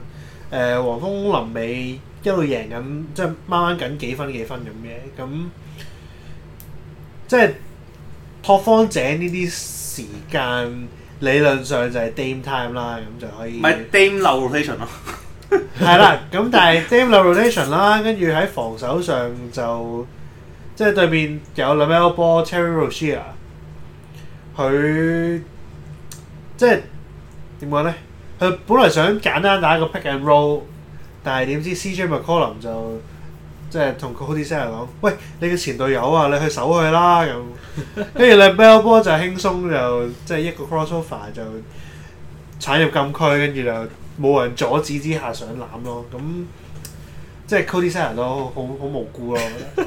誒黃蜂臨尾一路贏緊，即係掹緊幾分幾分咁嘅，咁即係拓荒者呢啲時間理論上就係 dame time 啦，咁就可以咪 dame 流 rotation 咯，係啦，咁但係 dame 流 rotation 啦，跟住喺防守上就。即係對面有 Lamell b 波 Terry r o c h e l 佢即係點講咧？佢本來想簡單打一個 pick and roll，但係點知 CJ m c a c a l l a y 就即係同 Cody Sayer 講：喂，你嘅前隊友啊，你去守佢啦！咁，跟住 Lamell b 波就輕鬆就即係一個 crossover 就闖入禁區，跟住就冇人阻止之下上攬咯。咁即係 Cody Sayer 咯，好好無辜咯。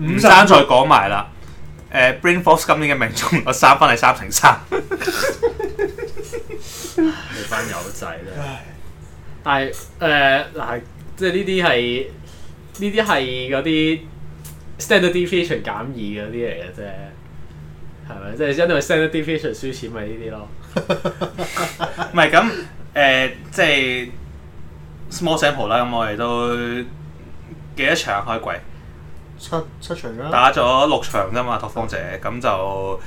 五三再講埋、欸呃、啦。誒 Bryn Forbes 今年嘅命中率三分係三成三，冇班友仔啦。但係誒，即係呢啲係呢啲係嗰啲 standard deviation 減二嗰啲嚟嘅啫，係咪？即係因為 standard deviation 輸錢咪呢啲咯。 唔係咁誒，即係 small sample 啦。咁我哋都幾多場開櫃？七七場啦，打咗六場啫嘛，拓荒者咁就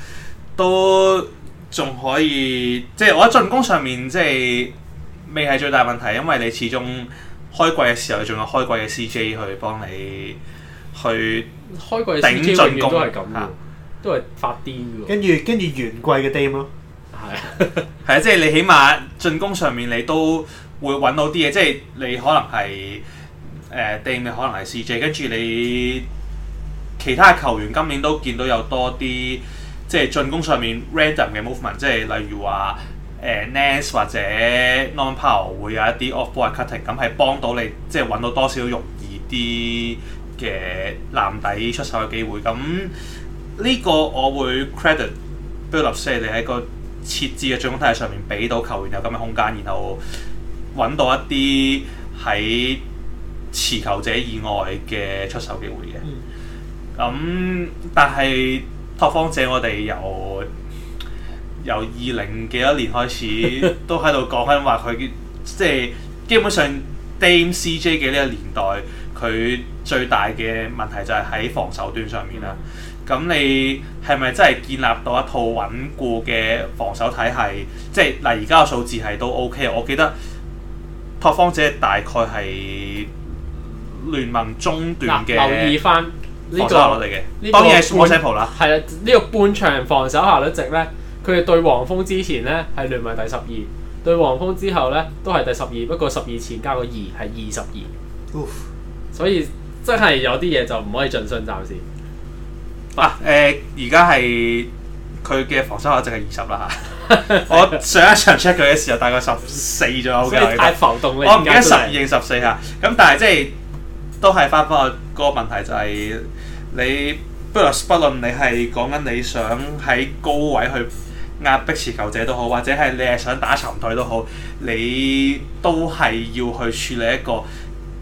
都仲可以，即、就、係、是、我喺進攻上面即係、就是、未係最大問題，因為你始終開季嘅時候仲有開季嘅 CJ 去幫你去開季頂進攻都係咁，啊、都係發癲喎。跟住跟住完季嘅 Dame 咯，係啊係啊，即係、 就是、你起碼進攻上面你都會揾到啲嘢，即、就、係、是、你可能係誒、呃、Dame 可能係 CJ，跟住你。 其他球員今年都見到有多啲，即係進攻上面 random 嘅 movement，即係例如話誒、呃、Nance 或者 Norman Powell 會有一啲 off ball cutting，咁係幫到你即係揾到多少容易啲嘅籃底出手嘅機會。咁呢個我會 credit Billups 即係你喺個設置嘅進攻體係上面俾到球員有咁嘅空間，然後揾到一啲喺持球者以外嘅出手機會嘅。嗯咁、嗯、但係拓荒者，我哋由由二零幾多年開始 都喺度講緊話佢，即係基本上 Dame CJ 嘅呢個年代，佢最大嘅問題就係喺防守端上面啦。咁你係咪真係建立到一套穩固嘅防守體系？即係嗱，而家個數字係都 OK。我記得拓荒者大概係聯盟中段嘅、呃。留意翻。呢、這個、防守落嚟嘅，這個、當然係啦。係啊，呢、這個半場防守效率值咧，佢哋對黃蜂之前咧係聯盟第十二，對黃蜂之後咧都係第十二，不過十二前加個二係二十二。所以真係有啲嘢就唔可以盡信暫時。啊誒，而家係佢嘅防守效率淨係二十啦嚇。 我上一場 check 佢嘅時候大概十四左右嘅， 太浮動我唔記得十二定十四嚇。咁但係即係。都係翻返個個問題就係你，不論你係講緊你想喺高位去壓迫持球者都好，或者係你係想打沉隊都好，你都係要去處理一個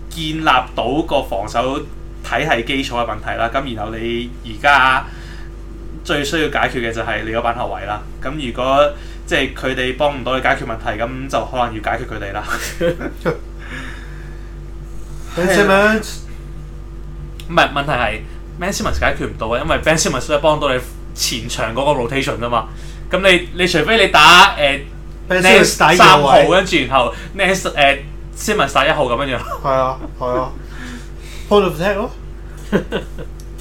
建立到個防守體系基礎嘅問題啦。咁然後你而家最需要解決嘅就係你嗰班後衞啦。咁如果即係佢哋幫唔到你解決問題，咁就可能要解決佢哋啦。 Ben Simmons，唔係問題，係 Ben Simmons 解決唔到啊，因為 Ben Simmons 只係幫到你前場嗰個 rotation 啊嘛。咁你你除非你打誒 n 三號跟住然後 nest 誒 s 一號咁樣樣。係啊，係啊，point of attack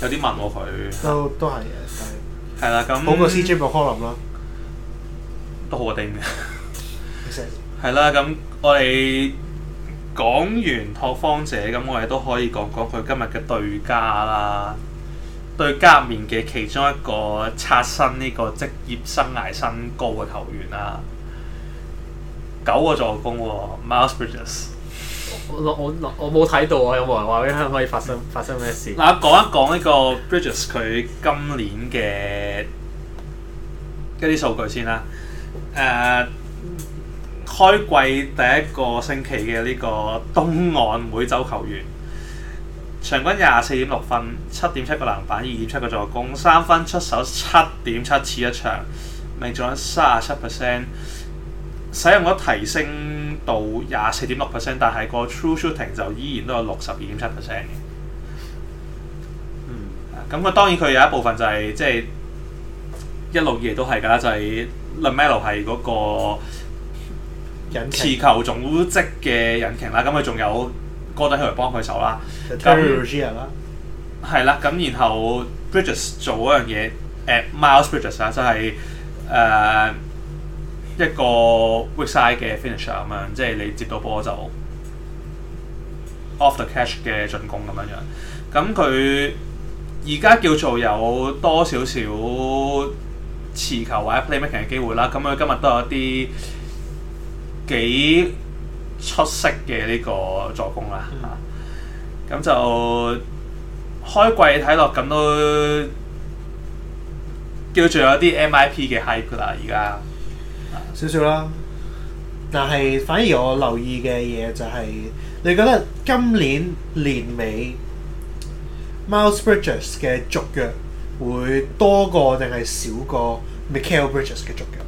有啲問喎佢。都都係嘅，係啦，咁好過 CJ 個 column 都好我哋嘅。係啦，咁我哋。講完拓荒者咁，我哋都可以講講佢今日嘅對家啦。對家面嘅其中一個刷新呢個職業生涯新高嘅球員啦，九個助攻。Miles Bridges，我我我冇睇到啊！有冇人話咩可以發生發生咩事？嗱，講一講呢個 Bridges 佢今年嘅一啲數據先啦。誒、uh,。開季第一個星期嘅呢個東岸每週球員，場均廿四點六分，七點七個籃板，二點七個助攻，三分出手七點七次一場，命中三十七 percent，使用率提升到廿四點六 percent，但係個 true shooting 就依然都有六十二點七 percent 嘅。嗯，咁啊，當然佢有一部分就係即係一路以嚟都係㗎，就係、是就是、LaMelo 係嗰、那個，持球組織嘅引擎啦，咁佢仲有哥底去幫佢手啦，Gary Rogia 啦，係啦，咁然後 Bridges 做嗰樣嘢，At Miles Bridges 啊、就係，就係誒一個 weak side 嘅 finisher 咁樣，即係你接到波就 off the catch 嘅進攻咁樣樣，咁佢而家叫做有多少少持球或者 playmaking 嘅機會啦，咁佢今日都有一啲。幾出色嘅呢個作風啦吓，咁就開季睇落咁都叫做有啲 MIP 嘅 hype 啦，而家少少啦。但係反而我留意嘅嘢就係、是、你覺得今年年尾 Miles Bridges 嘅續約會多過定係少過 Mikal Bridges 嘅續約？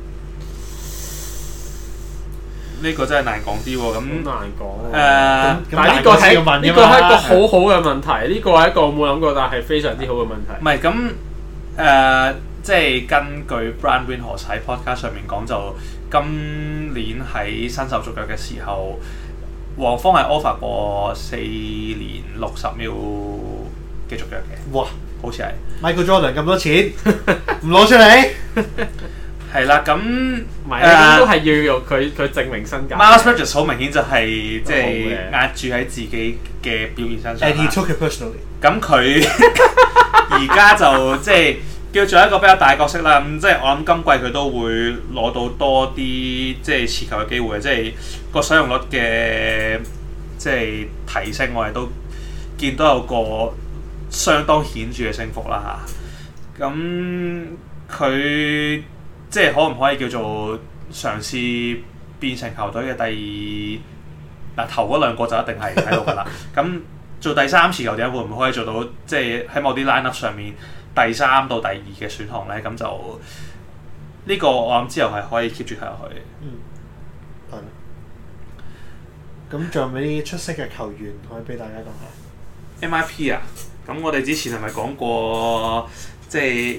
呢個真係難講啲喎，咁難講。誒、嗯，但係呢個係呢個係一個好好嘅問題，呢個係一個冇諗過但係非常之好嘅問題。唔係咁誒，即係根據 Brian Windhorst 喺 Podcast 上面講，就今年喺新秀續約嘅時候，王峰係 offer 過四年六十秒繼續約嘅。哇，好似係 Michael Jordan 咁多錢，唔攞 出嚟。 係啦，咁咁都係要用佢佢證明身價。Miles Bridges 好明顯就係即係壓住喺自己嘅表現身上。And he took it personally。咁佢而家就即係叫做一個比較大角色啦。咁即係我諗今季佢都會攞到多啲即係持球嘅機會，即係個使用率嘅即係提升，我哋都見到有個相當顯著嘅升幅啦。嚇，咁佢。即係可唔可以叫做嘗試變成球隊嘅第二嗱、啊、頭嗰兩個就一定係睇到噶啦，咁 做第三次球隊會唔會可以做到即係喺某啲 lineup 上面第三到第二嘅選項咧？咁就呢、呢個我諗之後係可以 keep 住行落去。嗯，係咁仲有冇啲出色嘅球員可以俾大家講下？MIP 啊，咁我哋之前係咪講過即係？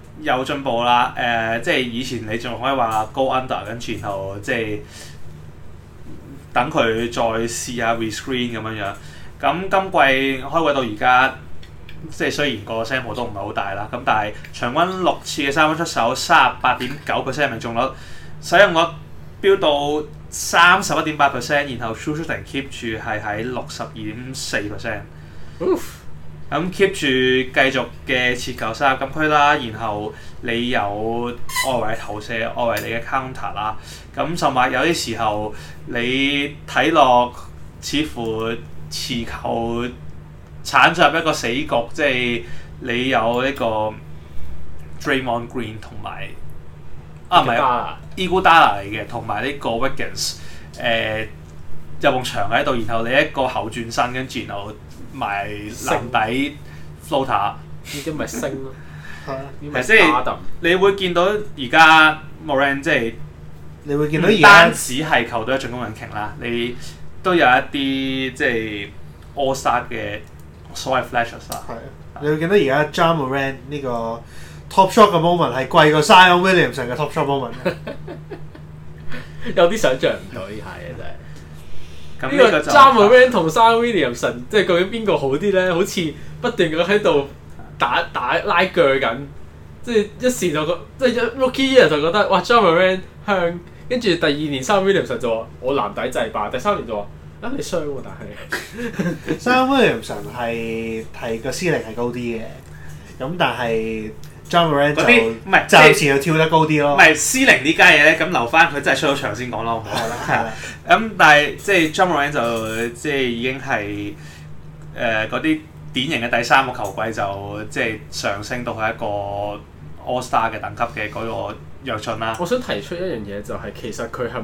有進步啦，誒、呃，即係以前你仲可以話 go under，跟住然後即係等佢再試下 re-screen 咁樣樣。咁今季開季到而家，即係雖然個 sample 都唔係好大啦，咁但係場均六次嘅三分出手，三十八點九 percent 命中率，使用率飆到三十一點八 percent，然後 shooting keep 住係喺六十二點四 percent。咁 keep 住繼續嘅持球殺入禁區啦，然後你有外圍投射、外圍你嘅 counter 啦，咁同埋有啲時候你睇落似乎持球闖咗入一個死局，即係你有呢個 Draymond Green 同埋巴啊唔係 Iguodala 嚟嘅，同埋呢個 Wiggins 誒、呃、入埲牆喺度，然後你一個後轉身跟住然後。埋籃底 floater 呢啲咪升咯，係啊，呢啲咪巴頓。你會見到而家 Morant 即係，你會見到而家只係靠到一進攻引擎啦，你都有一啲即係 all star 嘅所謂 flash star。係啊，你會見到而家 Ja Morant 呢個 top shot 嘅 moment 係貴過 Zion Williamson 成個 top shot moment，有啲想像唔到呢下嘢真係。個 um、ma son, 呢個就 Jammerman 同 Sam Williams 神，即係究竟邊個好啲咧？好似不斷咁喺度打打拉鋸緊，即係一時就覺得，即係 r o c k i e 就覺得哇 Jammerman 香，跟住、um、ma 第二年 Sam Williams 神就話我男抵制霸」。第三年就話啊你衰喎、啊、但係 Sam Williams 神係係個年齡係高啲嘅，咁但係。嗰啲唔係即係似跳得高啲咯，唔係 C 零呢家嘢咧，咁留翻佢真係出咗場先講咯。係啦，咁、 嗯、但係即係 Jalen Green 就即係已經係誒嗰啲典型嘅第三個球季就即係上升到係一個 All Star 嘅等級嘅嗰個躍進啦。我想提出一樣嘢就係、是、其實佢係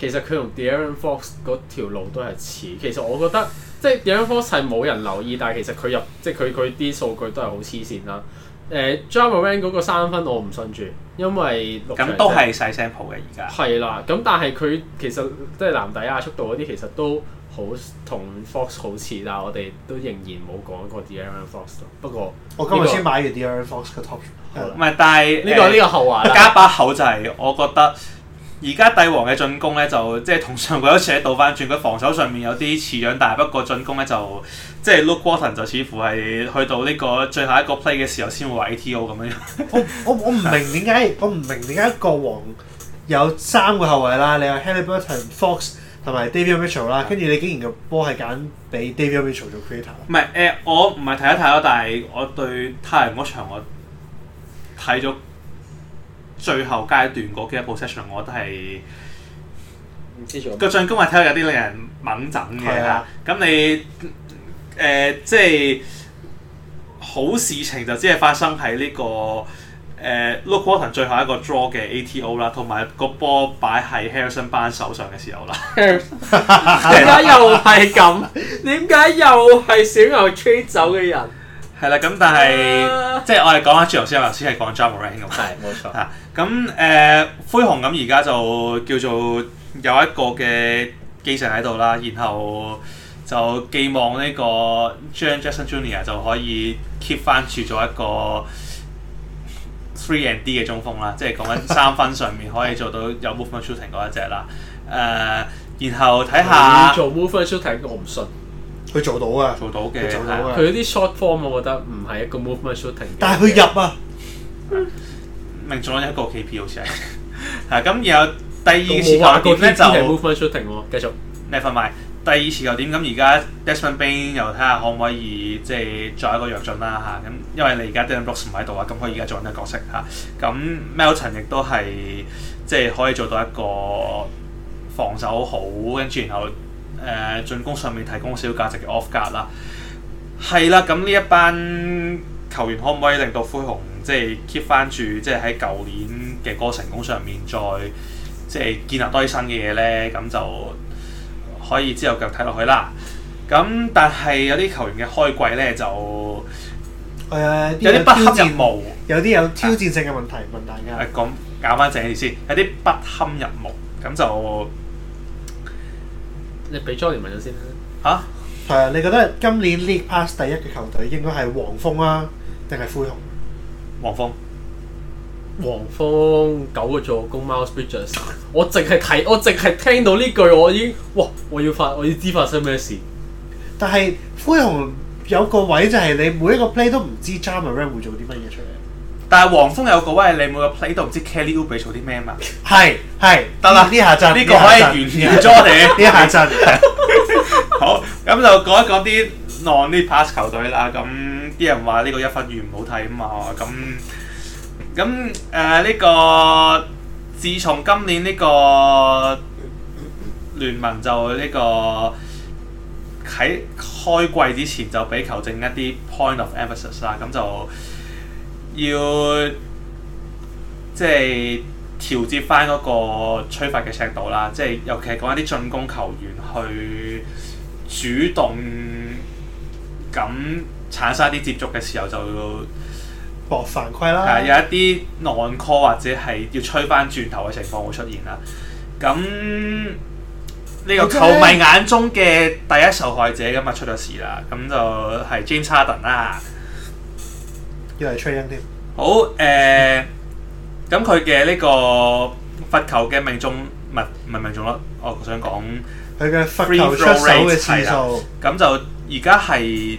其實佢同 De'Aaron Fox 嗰條路都係似，其實我覺得即係 De'Aaron Fox 係冇人留意，但係其實佢入即係佢佢啲數據都係好黐線啦。Ja Morant 嗰個三分我唔信住，因為咁都係細 sample 嘅而家。係啦，咁但係佢其實即係籃底壓速度嗰啲，其實都好同 Fox 好似，但係我哋都仍然冇講過 De'Aaron Fox。不過、呢個、我今日先買完 De'Aaron Fox 嘅 top，唔係，但係呢、呢個呢、呃、個後話加把口就係、係，我覺得。而家帝王嘅進攻呢，就即係同上回一次咧倒翻轉。佢防守上面有啲似樣，但係不過進攻呢就即係 Luke Walton 就似乎係去到呢個最後一個 play 嘅時候先會話 ATO 咁樣我。我我我唔明點解，我唔明點解個王有三個後衞啦。你有 Haliburton、Fox 同埋 Davion Mitchell 啦，跟住你竟然個波係揀俾 Davion Mitchell 做 creator。唔係誒，我唔係睇一睇咯，但係我對太陽嗰場我睇咗。最後階段嗰幾粒 position 我都係唔知做個進攻，我睇到有啲令人掹整嘅啦。咁的你誒、呃、即係好事情就只係發生喺呢、這個誒、呃、Luke Walton 最後一個 draw 嘅 ATO 啦，同埋個波擺喺 Harrison 班手上嘅時候啦。點解又係咁？點解又係小牛吹走嘅人？係啦，咁但係、uh, 即係我哋講下最後先，先係講 Ja Morant 咁啊，係冇錯啊。咁、呃、誒灰熊咁而家就叫做有一個嘅機神喺度啦，然後就寄望呢個 Jaren Jackson Junior 就可以 keep 翻住咗一個 three and D 嘅中鋒啦，即、就、係、是、講緊三分上面可以做到有 movement shooting 嗰一隻啦。誒、 啊，然後睇下做 movement shooting，我唔信。佢做到啊，做到嘅，佢啲 short form 我覺得唔係一個 movement shooting，但係佢入啊，命中一個 KP 好似係，係咁然後第二次球咧就 movement shooting 喎，繼續。你份埋第二次球點？咁而家 Desmond Bane 又睇下可唔可以即係作一個躍進啦吓，咁因為你而家 Dillon Brooks 唔喺度啊，咁可以而家做緊一個角色吓，咁 Melton 亦都係即係可以做到一個防守好，跟住然後。誒進攻上面提供少少價值嘅 off guard 啦，係啦，咁呢一班球員可唔可以令到灰熊即係 keep 翻住，即係喺舊年嘅嗰成功上面再即係建立多啲新嘅嘢咧？咁就可以之後繼續睇落去啦。咁但係有啲球員嘅開季咧就誒有啲不堪入目，有啲有挑戰性嘅問題問大家。誒，講拗翻正啲先，有啲不堪入目，咁就。你俾 Joel 問咗先吓，係啊！你覺得今年 League Pass 第一嘅球隊應該係黃蜂啊，定係灰熊？黃蜂鋒。黃蜂九個助攻，Miles Bridges。我淨係睇，我淨係聽到呢句，我已經，哇！我要發，我要知發生咩事。但係灰熊有個位就係你每一個 play 都唔知 Ja Morant 會做啲乜嘢出嚟。但係黃蜂有個位，你每個 play 都唔知 Kelly U 俾做啲咩嘛？係係得啦，呢了、嗯、下陣呢個可以完完咗你呢下陣。好，咁就講一講啲 Non League 啲 Pass 球隊啦。咁啲人話呢個一分雨唔好睇啊嘛。咁咁誒呢個，自從今年呢個聯盟就呢、呢個喺開季之前就俾球證一啲 point of emphasis 啦。咁就。要即係調節翻嗰個吹罰嘅尺度啦，即係尤其係講一啲進攻球員去主動咁產生一啲接觸嘅時候，就要搏犯規啦，有一啲 no call 或者係要吹翻轉頭嘅情況會出現啦。咁呢個球迷眼中嘅第一受害者咁啊 Okay. 出咗事了啦，咁就係 James Harden 啦。又係 training 啲。好誒，咁佢嘅呢個罰球嘅命中，唔係唔係命中囉，我想講佢嘅罰球出手嘅次數。咁就而家係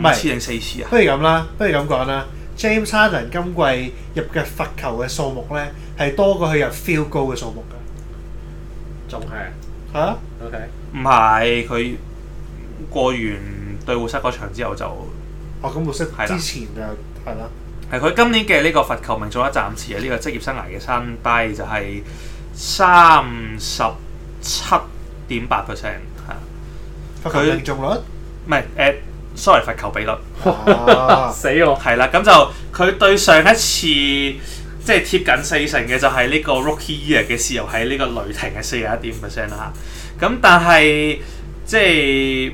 五次定四次啊？不如咁啦，不如咁講啦。James Harden 今季入嘅罰球嘅數目咧，係多過佢入 field goal 嘅數目㗎。仲係嚇？OK，唔係佢過完對護膝嗰場之後就。哦，咁我識。係啦。係啦。係佢今年嘅呢個罰球命中率，暫時啊，呢個職業生涯嘅新低就係三十七點八 percent 嚇。罰球命中率？唔係，誒、呃、sorry，罰球比率。啊、 死我。係啦，咁就佢對上一次即係貼緊四成嘅就係呢個 Rookie Year 嘅時候，喺呢個雷霆係四十一點五 percent 啦嚇。咁但係即係。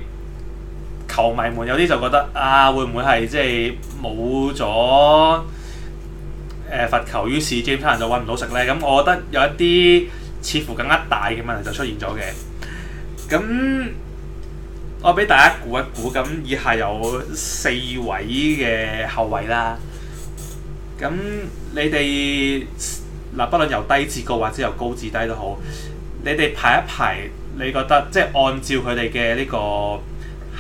球迷們有啲就覺得啊，會唔會係即係冇咗誒罰球，於是 James Harden 就搵唔到食呢。咁我覺得有一啲似乎更加大嘅問題就出現咗嘅。咁我俾大家估一估，咁以下有四位嘅後衛啦。咁你哋嗱，不論由低至高或者由高至低都好，你哋排一排，你覺得即係按照佢哋嘅呢個？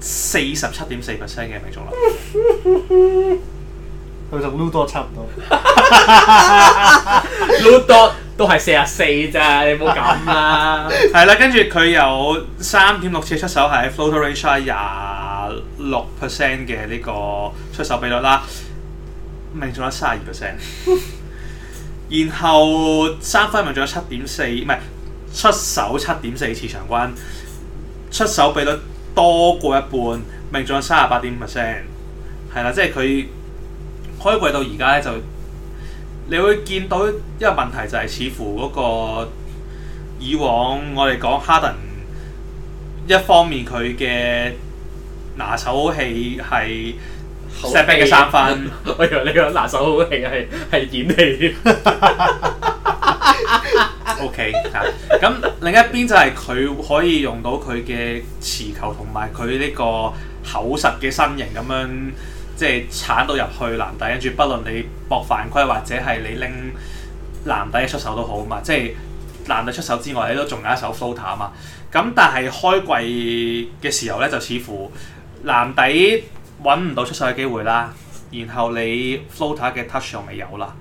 四十七點四 percent 嘅命中率，佢同 ludo 差唔多 ，ludo 都係四十四咋，你冇咁啦。係啦，跟住佢有三點六次出手喺 float range 嘅廿六 percent 嘅呢個出手比率啦，命中率三十二 percent，然後三分命中率七點四，唔係出手七點四次長關，出手比率。多過一半，命中三十八點五 percent，係啦，即係佢開季到而家咧就，你會見到一個問題就係，似乎嗰個以往我哋講哈登一方面佢嘅拿手戲係，嘅三分，我以為呢個拿手好 演戲係係演戲。O K，咁另一邊就係佢可以用到佢嘅持球同埋佢呢個厚實嘅身形咁樣，即係鏟到入去籃底，跟住不論你博犯規或者係你拎籃底出手都好嘛，即係籃底出手之外，你都仲有一手 floater 啊嘛。咁但係開季嘅時候咧，就似乎籃底。揾唔到出手嘅機會啦，然後你 floater 嘅 touch 又未有啦，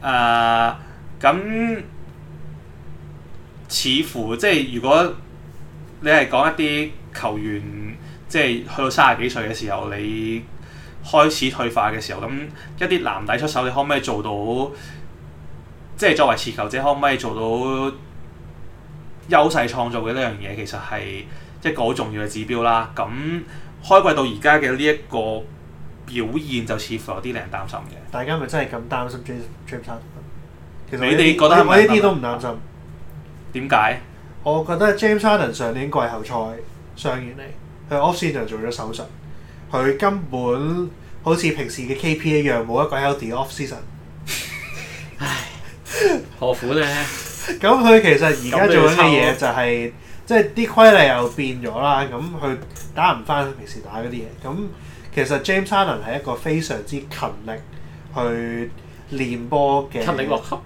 誒、呃、咁似乎即係如果你係講一啲球員，即係去到三十幾歲嘅時候，你開始退化嘅時候，咁一啲籃底出手，你可唔可以做到？即係作為持球者，可唔可以做到優勢創造嘅呢樣嘢？其實係一個好重要嘅指標啦。咁開季到而家嘅呢一個表現就似乎有啲令人擔心嘅。大家咪真係咁擔心 James Harden？其實你哋覺得係咪呢啲都唔擔心？點解？我覺得 James Harden 上年季後賽上完嚟，去、嗯、off season 做咗手術，佢根本好似平時嘅 KPI 一樣冇一個 healthy off season。 唉，何苦呢？咁佢 其實而家做緊嘅嘢就係、是。即係啲規例又變咗啦，咁佢打唔翻平時打嗰啲嘢。咁其實 James Harden 係一個非常之勤力去練波嘅。勤力過級，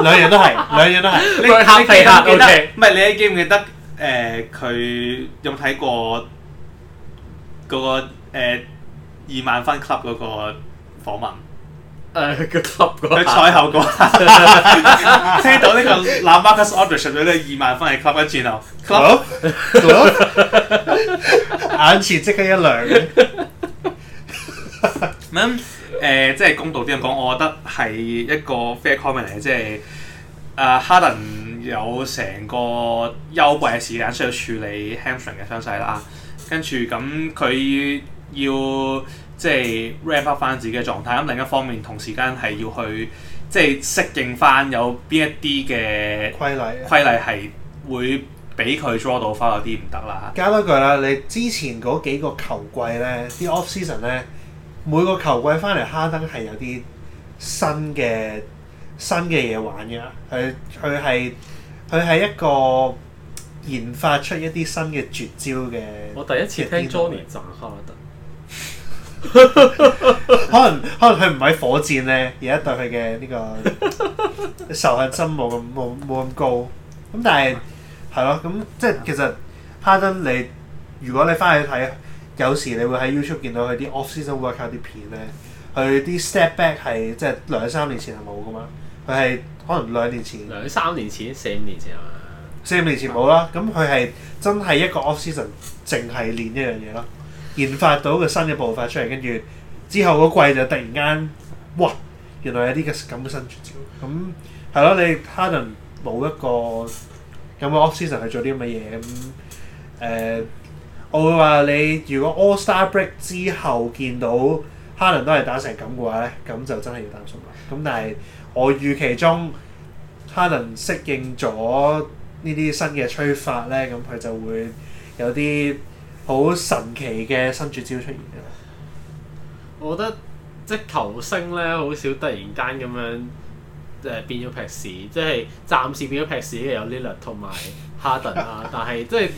兩樣都係， 兩樣都係。你記唔 記得？唔係 以你記唔記得？誒、呃，佢有冇睇過嗰、那個、呃、二萬分 club 嗰個訪問？誒，個、uh, club 個彩 後個， 聽到呢個 LaMarcus Aldridge 咗呢二萬分嚟 club 一轉咯 c l u b 眼前即刻一亮、 嗯。咁、呃、誒，即係公道啲咁講，我覺得係一個 fair comment 嚟，即、呃、係誒 Harden 有成個休季嘅時間需要處理 hamstring 嘅傷勢啦、啊，跟住咁佢要。即係 rehab 翻自己嘅狀態，咁另一方面同時間係要去即係適應翻有邊一啲嘅規例禮，規例係會俾佢 draw 到翻嗰啲唔得啦。加多句啦，你之前嗰幾個球季咧，啲 off season 咧，每個球季翻嚟哈登係有啲新嘅新嘅嘢玩嘅，佢佢係佢係一個研發出一啲新嘅絕招嘅。我第一次聽 Jony 可能可能佢唔喺火箭咧，而家對佢嘅呢個 仇恨心冇咁冇冇咁高。咁但係係咯，咁 即係其實哈登 你如果你翻去睇，有時你會喺 YouTube 見到佢啲 off-season workout 啲片咧，佢啲 step back 係即係兩三年前係冇噶嘛，佢係可能兩年前、兩三 年前、四五年前係嘛，四五年前冇啦。咁佢係真係一個 off-season 淨係練呢樣嘢咯。Season, 研發到個新嘅步伐出嚟，跟住之後個季就突然間，哇！原來有啲咁嘅新絕招，咁係咯。你 Harden 冇一個咁嘅 option 去做啲咁嘅嘢，咁誒、呃，我會話你如果 All Star Break 之後見到 Harden 都係打成咁嘅話咧，咁就真係要擔心啦。咁但係我預期中 Harden 適應咗呢啲新嘅吹法咧，咁佢就會有啲。好神奇嘅新絕招出現啊！我覺得即係球星咧，好少突然間咁樣誒、呃、變咗劈屎，即係暫時變咗劈屎嘅有 Lillard 同埋 Harden 啊， 但係即係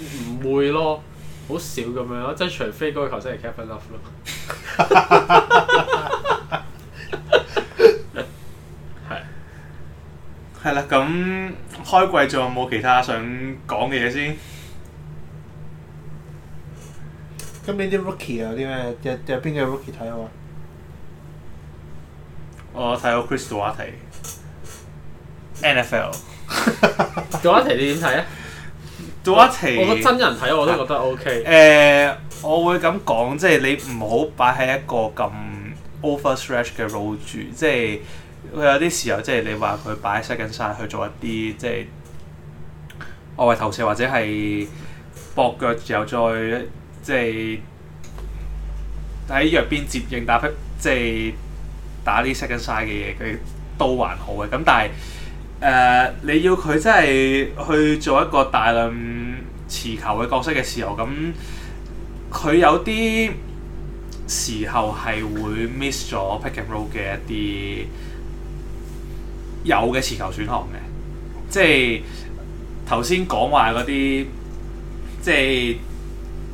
唔會咯，好少咁樣咯，即係除非嗰個球星係 Kevin Love 咯。係係啦，咁開季仲有冇其他想講嘅嘢先？咁呢啲 Rookie 啊？啲咩有邊個嘅 Rookie 睇好啊？我睇到 Chris Duarte NFL Duarte，你點睇啊？Duarte，我覺得真人睇我都覺得 OK。誒、呃，我會咁講，即係你唔好擺喺一個咁 overstretch 嘅 road。主即係佢有啲時候，即係你話佢擺喺 second side 去做一啲即係外圍投射，或者係博腳，又再。即係喺弱邊接應打即係，就是，打啲 second side 嘅嘢，佢都還好嘅。咁但係誒、呃，你要佢真係去做一個大量持球嘅角色嘅時候，咁佢有啲時候係會 miss 咗 pick and roll 嘅一啲有嘅持球選項嘅。即係頭先講話嗰啲，即係。就是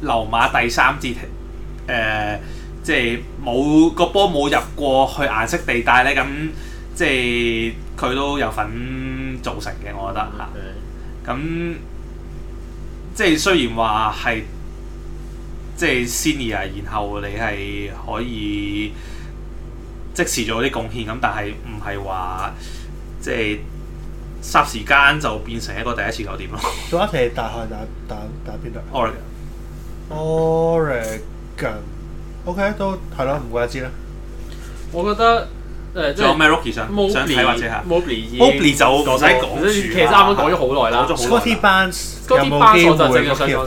溜馬第三節誒、呃，即係冇個波冇入過去，去顏色地帶咧，咁即係佢都有份造成嘅，我覺得嚇。咁 Okay.、啊、即係雖然話係即係 Senior，然後你係可以即時做啲貢獻咁，但係唔係話即係霎時間就變成一個第一次球點咯。仲一場大韓打打打邊度 Orange，OK 都係咯，唔怪得知啦。我覺得誒即係有咩 Rocky 山想睇或者係 Mobley，Mobley 就唔使講住啦。其實啱啱講咗好耐啦。Scottie Barnes，Scottie Barnes 我就正想講。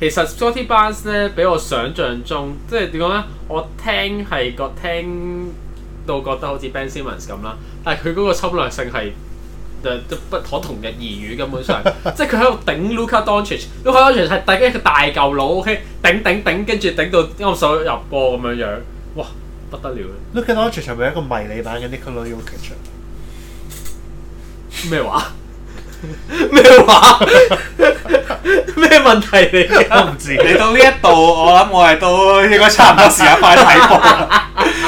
其實 Scottie Barnes 咧，比我想象中即係點講咧？我聽係覺聽到覺得好似 Ben Simmons 咁啦，但係佢嗰個侵略性係就都不可同日而語，根本上，即係佢喺度頂 Luca Doncic，Luca Doncic 係大家一個大舊佬，OK，頂頂頂，跟住頂到我唔想入波咁樣樣，哇，不得了！Luca Doncic 係咪一個迷你版嘅 Nikola Jokic，咩話？咩話？咩問題嚟？我唔知，嚟到呢一度，我諗我係到應該差唔多時間快啲。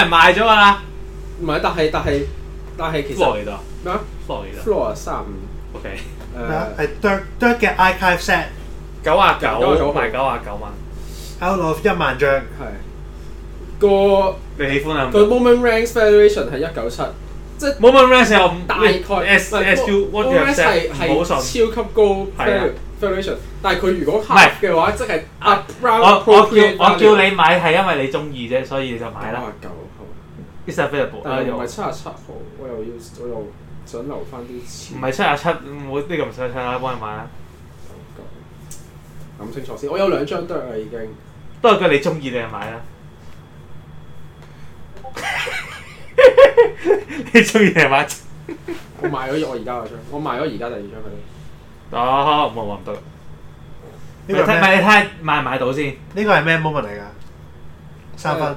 人賣咗啊，啦，唔係，但係但係但係其實幾多咩？幾多？三五 OK，係 third third 嘅 t y set 九啊九，九萬九啊九蚊，out of 一萬張係個。你喜歡啊？佢 moment rank valuation 係一九七，即係 moment rank 又大概 S S U。moment rank 係冇超級高係 valuation，但係佢如果唔係嘅話，即係 a 我我叫我叫你買係因為你中意啫，所以就買啦。依 set 飛入波，但係唔係七廿七號，我又要，我又想留翻啲錢。唔係七十七，我呢個唔使睇下幫你買啊。諗清楚先，我有兩張得啦已經。都係佢你中意你買啊！你中意你買。我賣咗我而家嗰張，我賣咗而家第二張嗰啲。哦，我話唔得啦。你睇下買唔買到先？呢個係咩 moment 嚟噶？三分。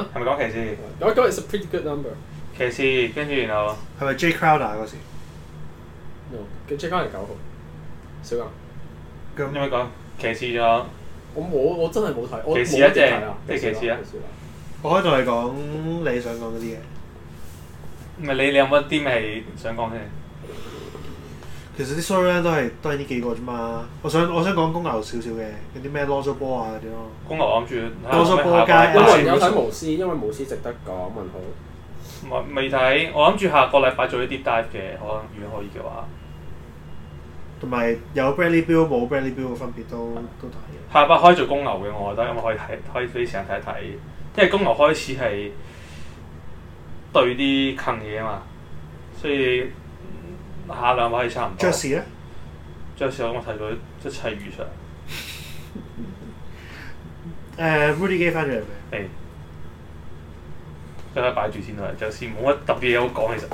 係咪講騎士？我覺得係一個 pretty good number。騎士跟住然後係咪 J Crowder 大嗰時 no J Crowder 係九號。少啊。咁你點解講騎士咗。我冇，我真係冇睇。騎士一隻，咩騎士啊？士士，我可以同你講你想講嗰啲嘢。唔係你，你有冇啲咩想講嘅？其實啲 short 咧都係都係呢幾個啫嘛，我想我想講公牛少少嘅，有啲咩 Lonzo Ball 啊啲咯。公牛諗住 Lonzo Ball。t b a l 街。因為有巫師，因為巫師值得講，問佢。未睇，我諗住下個禮拜做一啲 deep dive 嘅，可能如果可以嘅話。同埋有，有 Bradley Beal，冇 Bradley Beal 嘅分別都 都大。下個可以做公牛嘅，我覺得，因為可以睇可以畀時間睇一睇，因為公牛開始係對啲近嘢啊嘛，所以。下兩位差唔多。爵士咧，爵士我睇咗一切如常。誒、uh,，Rudy Gay 翻咗嚟未？誒、哎，等下擺住先啦。爵士冇乜特別嘢好講，其實。